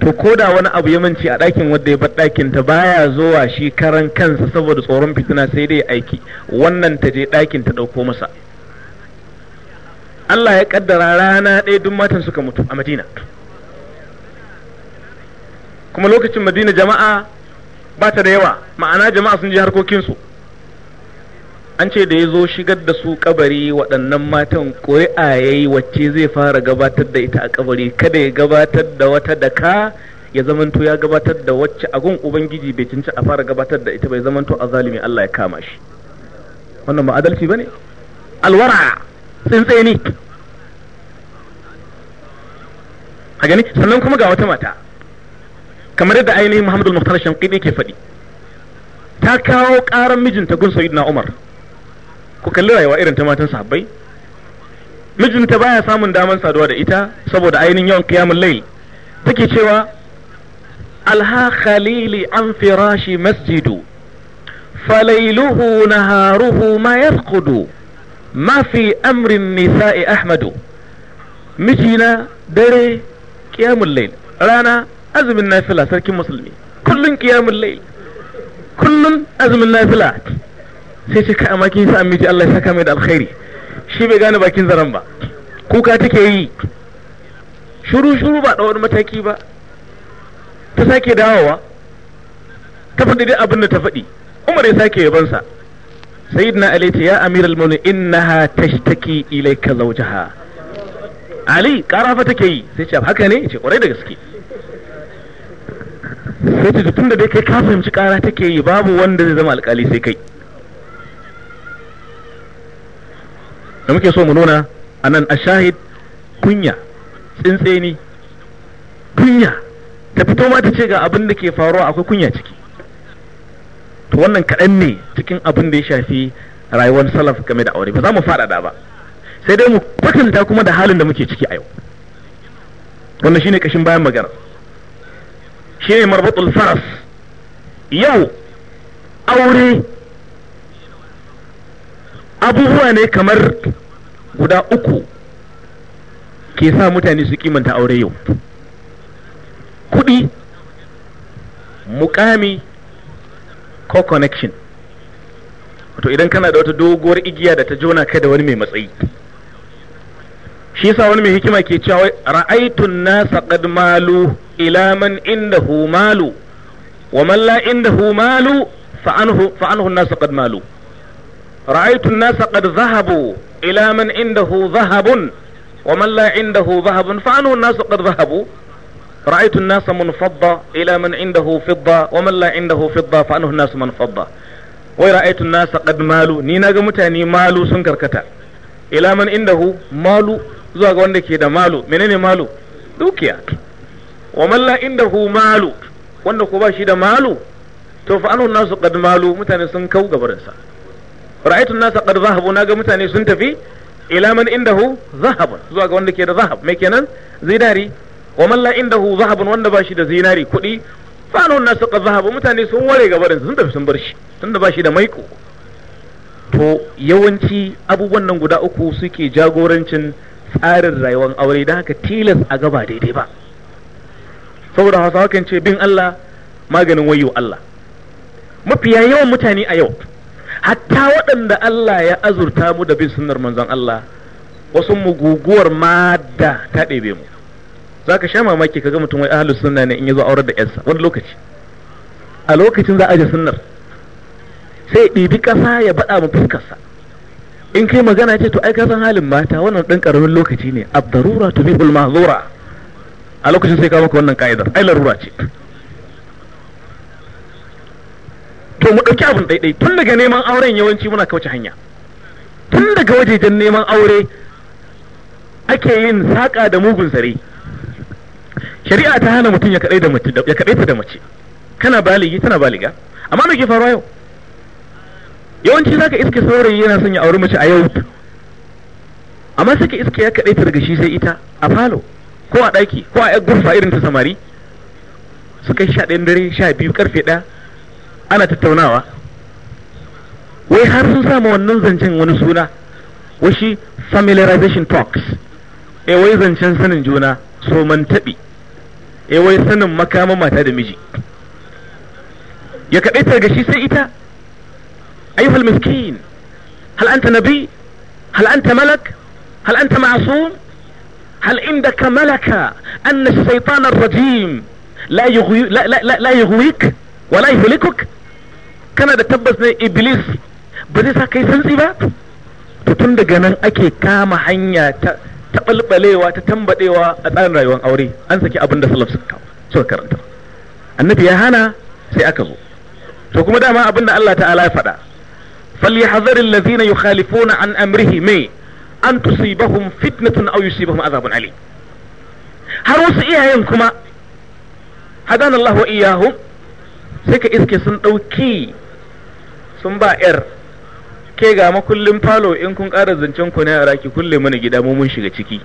to ko da wani abu ya mance a ɗakin wanda ya bar ɗakin ta baya zuwa shi karan kansa saboda tsoron fitina sai dai aiki wannan ta je ɗakin ta ɗauko masa Allah ya kaddara rana ɗaya duk matan suka mutu a Madina kuma lokacin madina jama'a ba ta da yawa ma'ana jama'a sun je harkokinsu an ce da ya zo shigar da su kabari waɗannan matan ƙuri'a ya yi wacce zai fara gabatar da ita a kabari kada ya gabatar da wata da ka, ya zamanto ya gabatar da wacce agun ubangiji bai cinci a fara gabatar da ita bai zamanto a zalimi Allah ya kama shi wannan ba adalci bane alwara tsintseni a gani sannan kuma ga wata mata kamar yadda ainihin Muhammadu Muhtar ne ke faɗi ta kawo ƙaran mijinta gun Sayyidina Umar ku kalli rayuwa irin ta matan sahabbai mijinta baya samun damar saduwa da ita saboda ainihin yawan qiyamul layl take cewa alha khalili an firashi masjidu falailuhu naharuhu ma yafqudu ma fi amrin nisa'i ahmadu mijina dare qiyamul layl rana azumin nafila sarkin musulmi kullun kiyamun lai kullun azumin nafila sai ce ka amma kin sa Allah ya saka mai da alkhairi shi bai gane bakin zaran ba kuka take yi shuru shuru ba da mataki ba ta sake dawowa ta faɗi dai abin da ta faɗi Umar ya sake yabansa sayyidina Ali ce ya amiral mu'minin innaha tashtaki ilayka zawjaha Ali karafa take yi sai ce haka ne ce kwarai da gaske sai ta tun da dai kai ka fahimci kara take yi babu wanda zai zama alkali sai kai da muke so mu nuna a nan a shahid kunya tsintseni kunya ta fito ma ta ce ga abin da ke faruwa akwai kunya ciki to wannan kaɗan ne cikin abin da ya shafi rayuwar salaf game da aure ba za mu faɗaɗa ba sai dai mu kwatanta kuma da halin da muke ciki a yau wannan shine ƙashin bayan magana shi ne marbatul faras yau aure abubuwa ne kamar guda uku ke sa mutane su kimanta aure yau kuɗi mukami ko connection wato idan kana da wata doguwar igiya da ta jona ka da wani mai matsayi shi yasa wani mai hikima ke cewa ra'aitun nasa qad malu إلى من عنده مال ومن لا عنده مال فعنه, فعنه الناس قد مالوا رأيت الناس قد ذهبوا إلى من عنده ذهب ومن لا عنده ذهب فعنه الناس قد ذهبوا رأيت الناس منفضة إلى من عنده فضة ومن لا عنده فضة فعنه الناس منفضة ورأيت الناس قد مالوا نينا متاني مالوا سنكر كتا إلى من عنده مالوا زوغ وندكي دا مالوا منين مالوا دوكيات wa man la hu malu wanda ko ba shi da malu to fa anhu nasu qad malu mutane sun kau gabarin sa ra'aytu nasu qad zahabu naga mutane sun tafi ila man indahu zahabun zuwa ga wanda ke da zahab mai kenan zinari wa man la indahu zahabun wanda ba shi da zinari kudi fa anhu nasu qad zahabu mutane sun ware gabarin sun tafi sun bar shi tunda ba shi da maiko to yawanci abubuwan nan guda uku suke jagorancin tsarin rayuwar aure don haka tilas a gaba daidai ba saboda hausawa kan ce bin Allah maganin wayo Allah mafiya yawan mutane a yau hatta waɗanda Allah ya azurta mu da bin sunnar manzon Allah wasu mu guguwar ta ɗebe mu za ka sha mamaki ka ga mutum wai ahlus sunna ne in ya zo aurar da yarsa wani lokaci a lokacin za a ji sunnar sai ɗibi ƙasa ya baɗa mu fuskarsa in kai magana ce to ai ka san halin mata wannan ɗan ƙaramin lokaci ne abdarura tubihul mahzura a lokacin sai ka maka wannan ka'idar ai larura ce to mu ɗauki abin ɗaiɗai tun daga neman auren yawanci muna kauce hanya tun daga wajejen neman aure ake yin saƙa da mugun sare, shari'a ta hana mutum ya kaɗai ta da mace kana baligi tana baliga amma me ke faruwa yau yawanci zaka iske saurayi yana son ya auri mace a yau amma sai ka iske ya kaɗai ta daga shi sai ita a falo ko a ɗaki ko a yan gurfa irin ta samari su kai sha ɗayan dare sha biyu karfe ɗaya ana tattaunawa wai har sun sama wannan zancen wani suna washi familiarization talks e wai zancen sanin juna so man taɓi e wai sanin makaman mata da miji ya kaɗai ta gashi sai ita ayyuhal miskin hal anta nabi hal anta malak hal anta ma'asum هل عندك ملكة ان الشيطان الرجيم لا, يغوي لا, لا, لا, لا يغويك ولا يهلكك كما بتبس ابليس بريسا كي سنسي بات تتندق انا اكي كام حنيا تقلب عليه وتتنبع ايوا اتان راي وان اوري انسكي ابن ده سلف سكاو سورة كرنت النبي يهانا سيأكزو حكومة ما ابن الله تعالى فدا فليحذر الذين يخالفون عن امره مي an tusibahum fitnatun aw yusibahum azabun ali har wasu iyayen kuma hadana Allah wa sai ka iske sun ɗauki sun ba yar ke ga makullin falo in kun ƙara zancen ku na yara ki kulle mana gida mu mun shiga ciki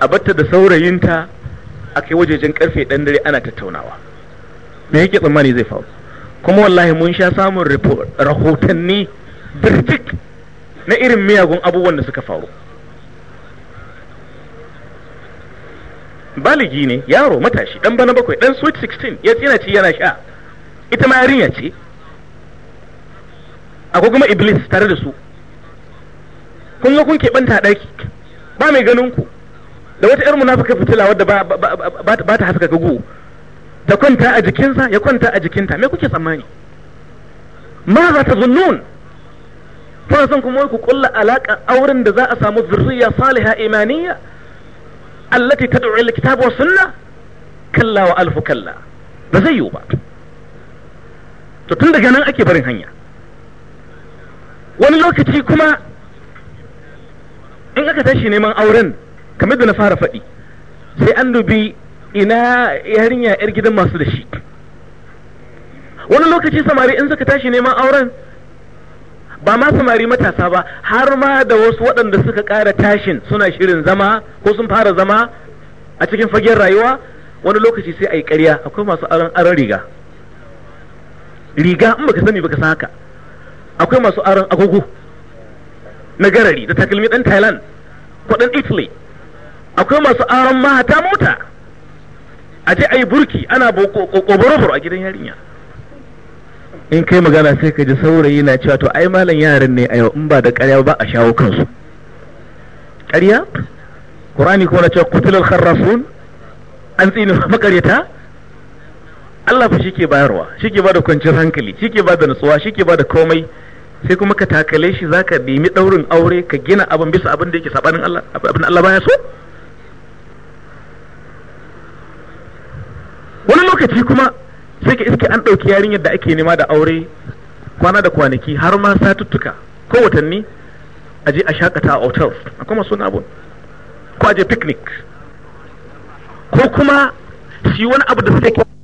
a batta da saurayinta a kai wajejen karfe ɗan dare ana tattaunawa me yake tsammani zai faru kuma wallahi mun sha samun rahotanni birtik na irin miyagun abubuwan da suka faru baligi ne yaro matashi dan bana bakwai dan sweet 16 ya tsina ci yana sha ita ma yarinya ce akwai kuma iblis tare da su kun ga kun keɓanta ɗaki ba mai ganin ku da wata 'yar munafuka fitila wadda ba ta haska gugu ta kwanta a jikinsa ya kwanta a jikinta me kuke tsammani ma za ta zunnun kuna son kuma ku kulla alaka auren da za a samu zurriya saliha imaniya allati tad'u ila kitab wa sunna kalla wa alfu kalla ba zai yiwu ba to tun daga nan ake barin hanya wani lokaci kuma in aka tashi neman auren kamar da na fara faɗi sai an dubi ina yarinya yar gidan masu da shi wani lokaci samari in suka tashi neman auren ba ma samari matasa ba har ma da wasu waɗanda suka ƙara tashin suna shirin zama ko sun fara zama a cikin fagen rayuwa wani lokaci sai a yi ƙarya akwai masu aron aron riga riga in baka sani baka san haka akwai masu aron agogo na garari da takalmi ɗan thailand ko ɗan italy akwai masu aron mata mota a je a yi burki ana ƙoƙo a gidan yarinya in kai magana sai ka ji saurayi na cewa to ai malam yaran ne a yau in ba da ƙarya ba a shawo kansu ƙarya ƙur'ani ko na cewa kutilal kharrasun an tsini makaryata Allah fa shike bayarwa shike ba da kwanciyar hankali shike ba da nutsuwa shike ba da komai sai kuma ka takale shi zaka nemi daurin aure ka gina abin bisa abin da yake sabanin Allah abin Allah baya so wani lokaci kuma sai ka iske an ɗauki yarinyar da ake nema da aure kwana da kwanaki har ma satuttuka ko watanni a je a shakata a hotels a kuma suna abun ko a je picnic ko kuma shi wani abu da suke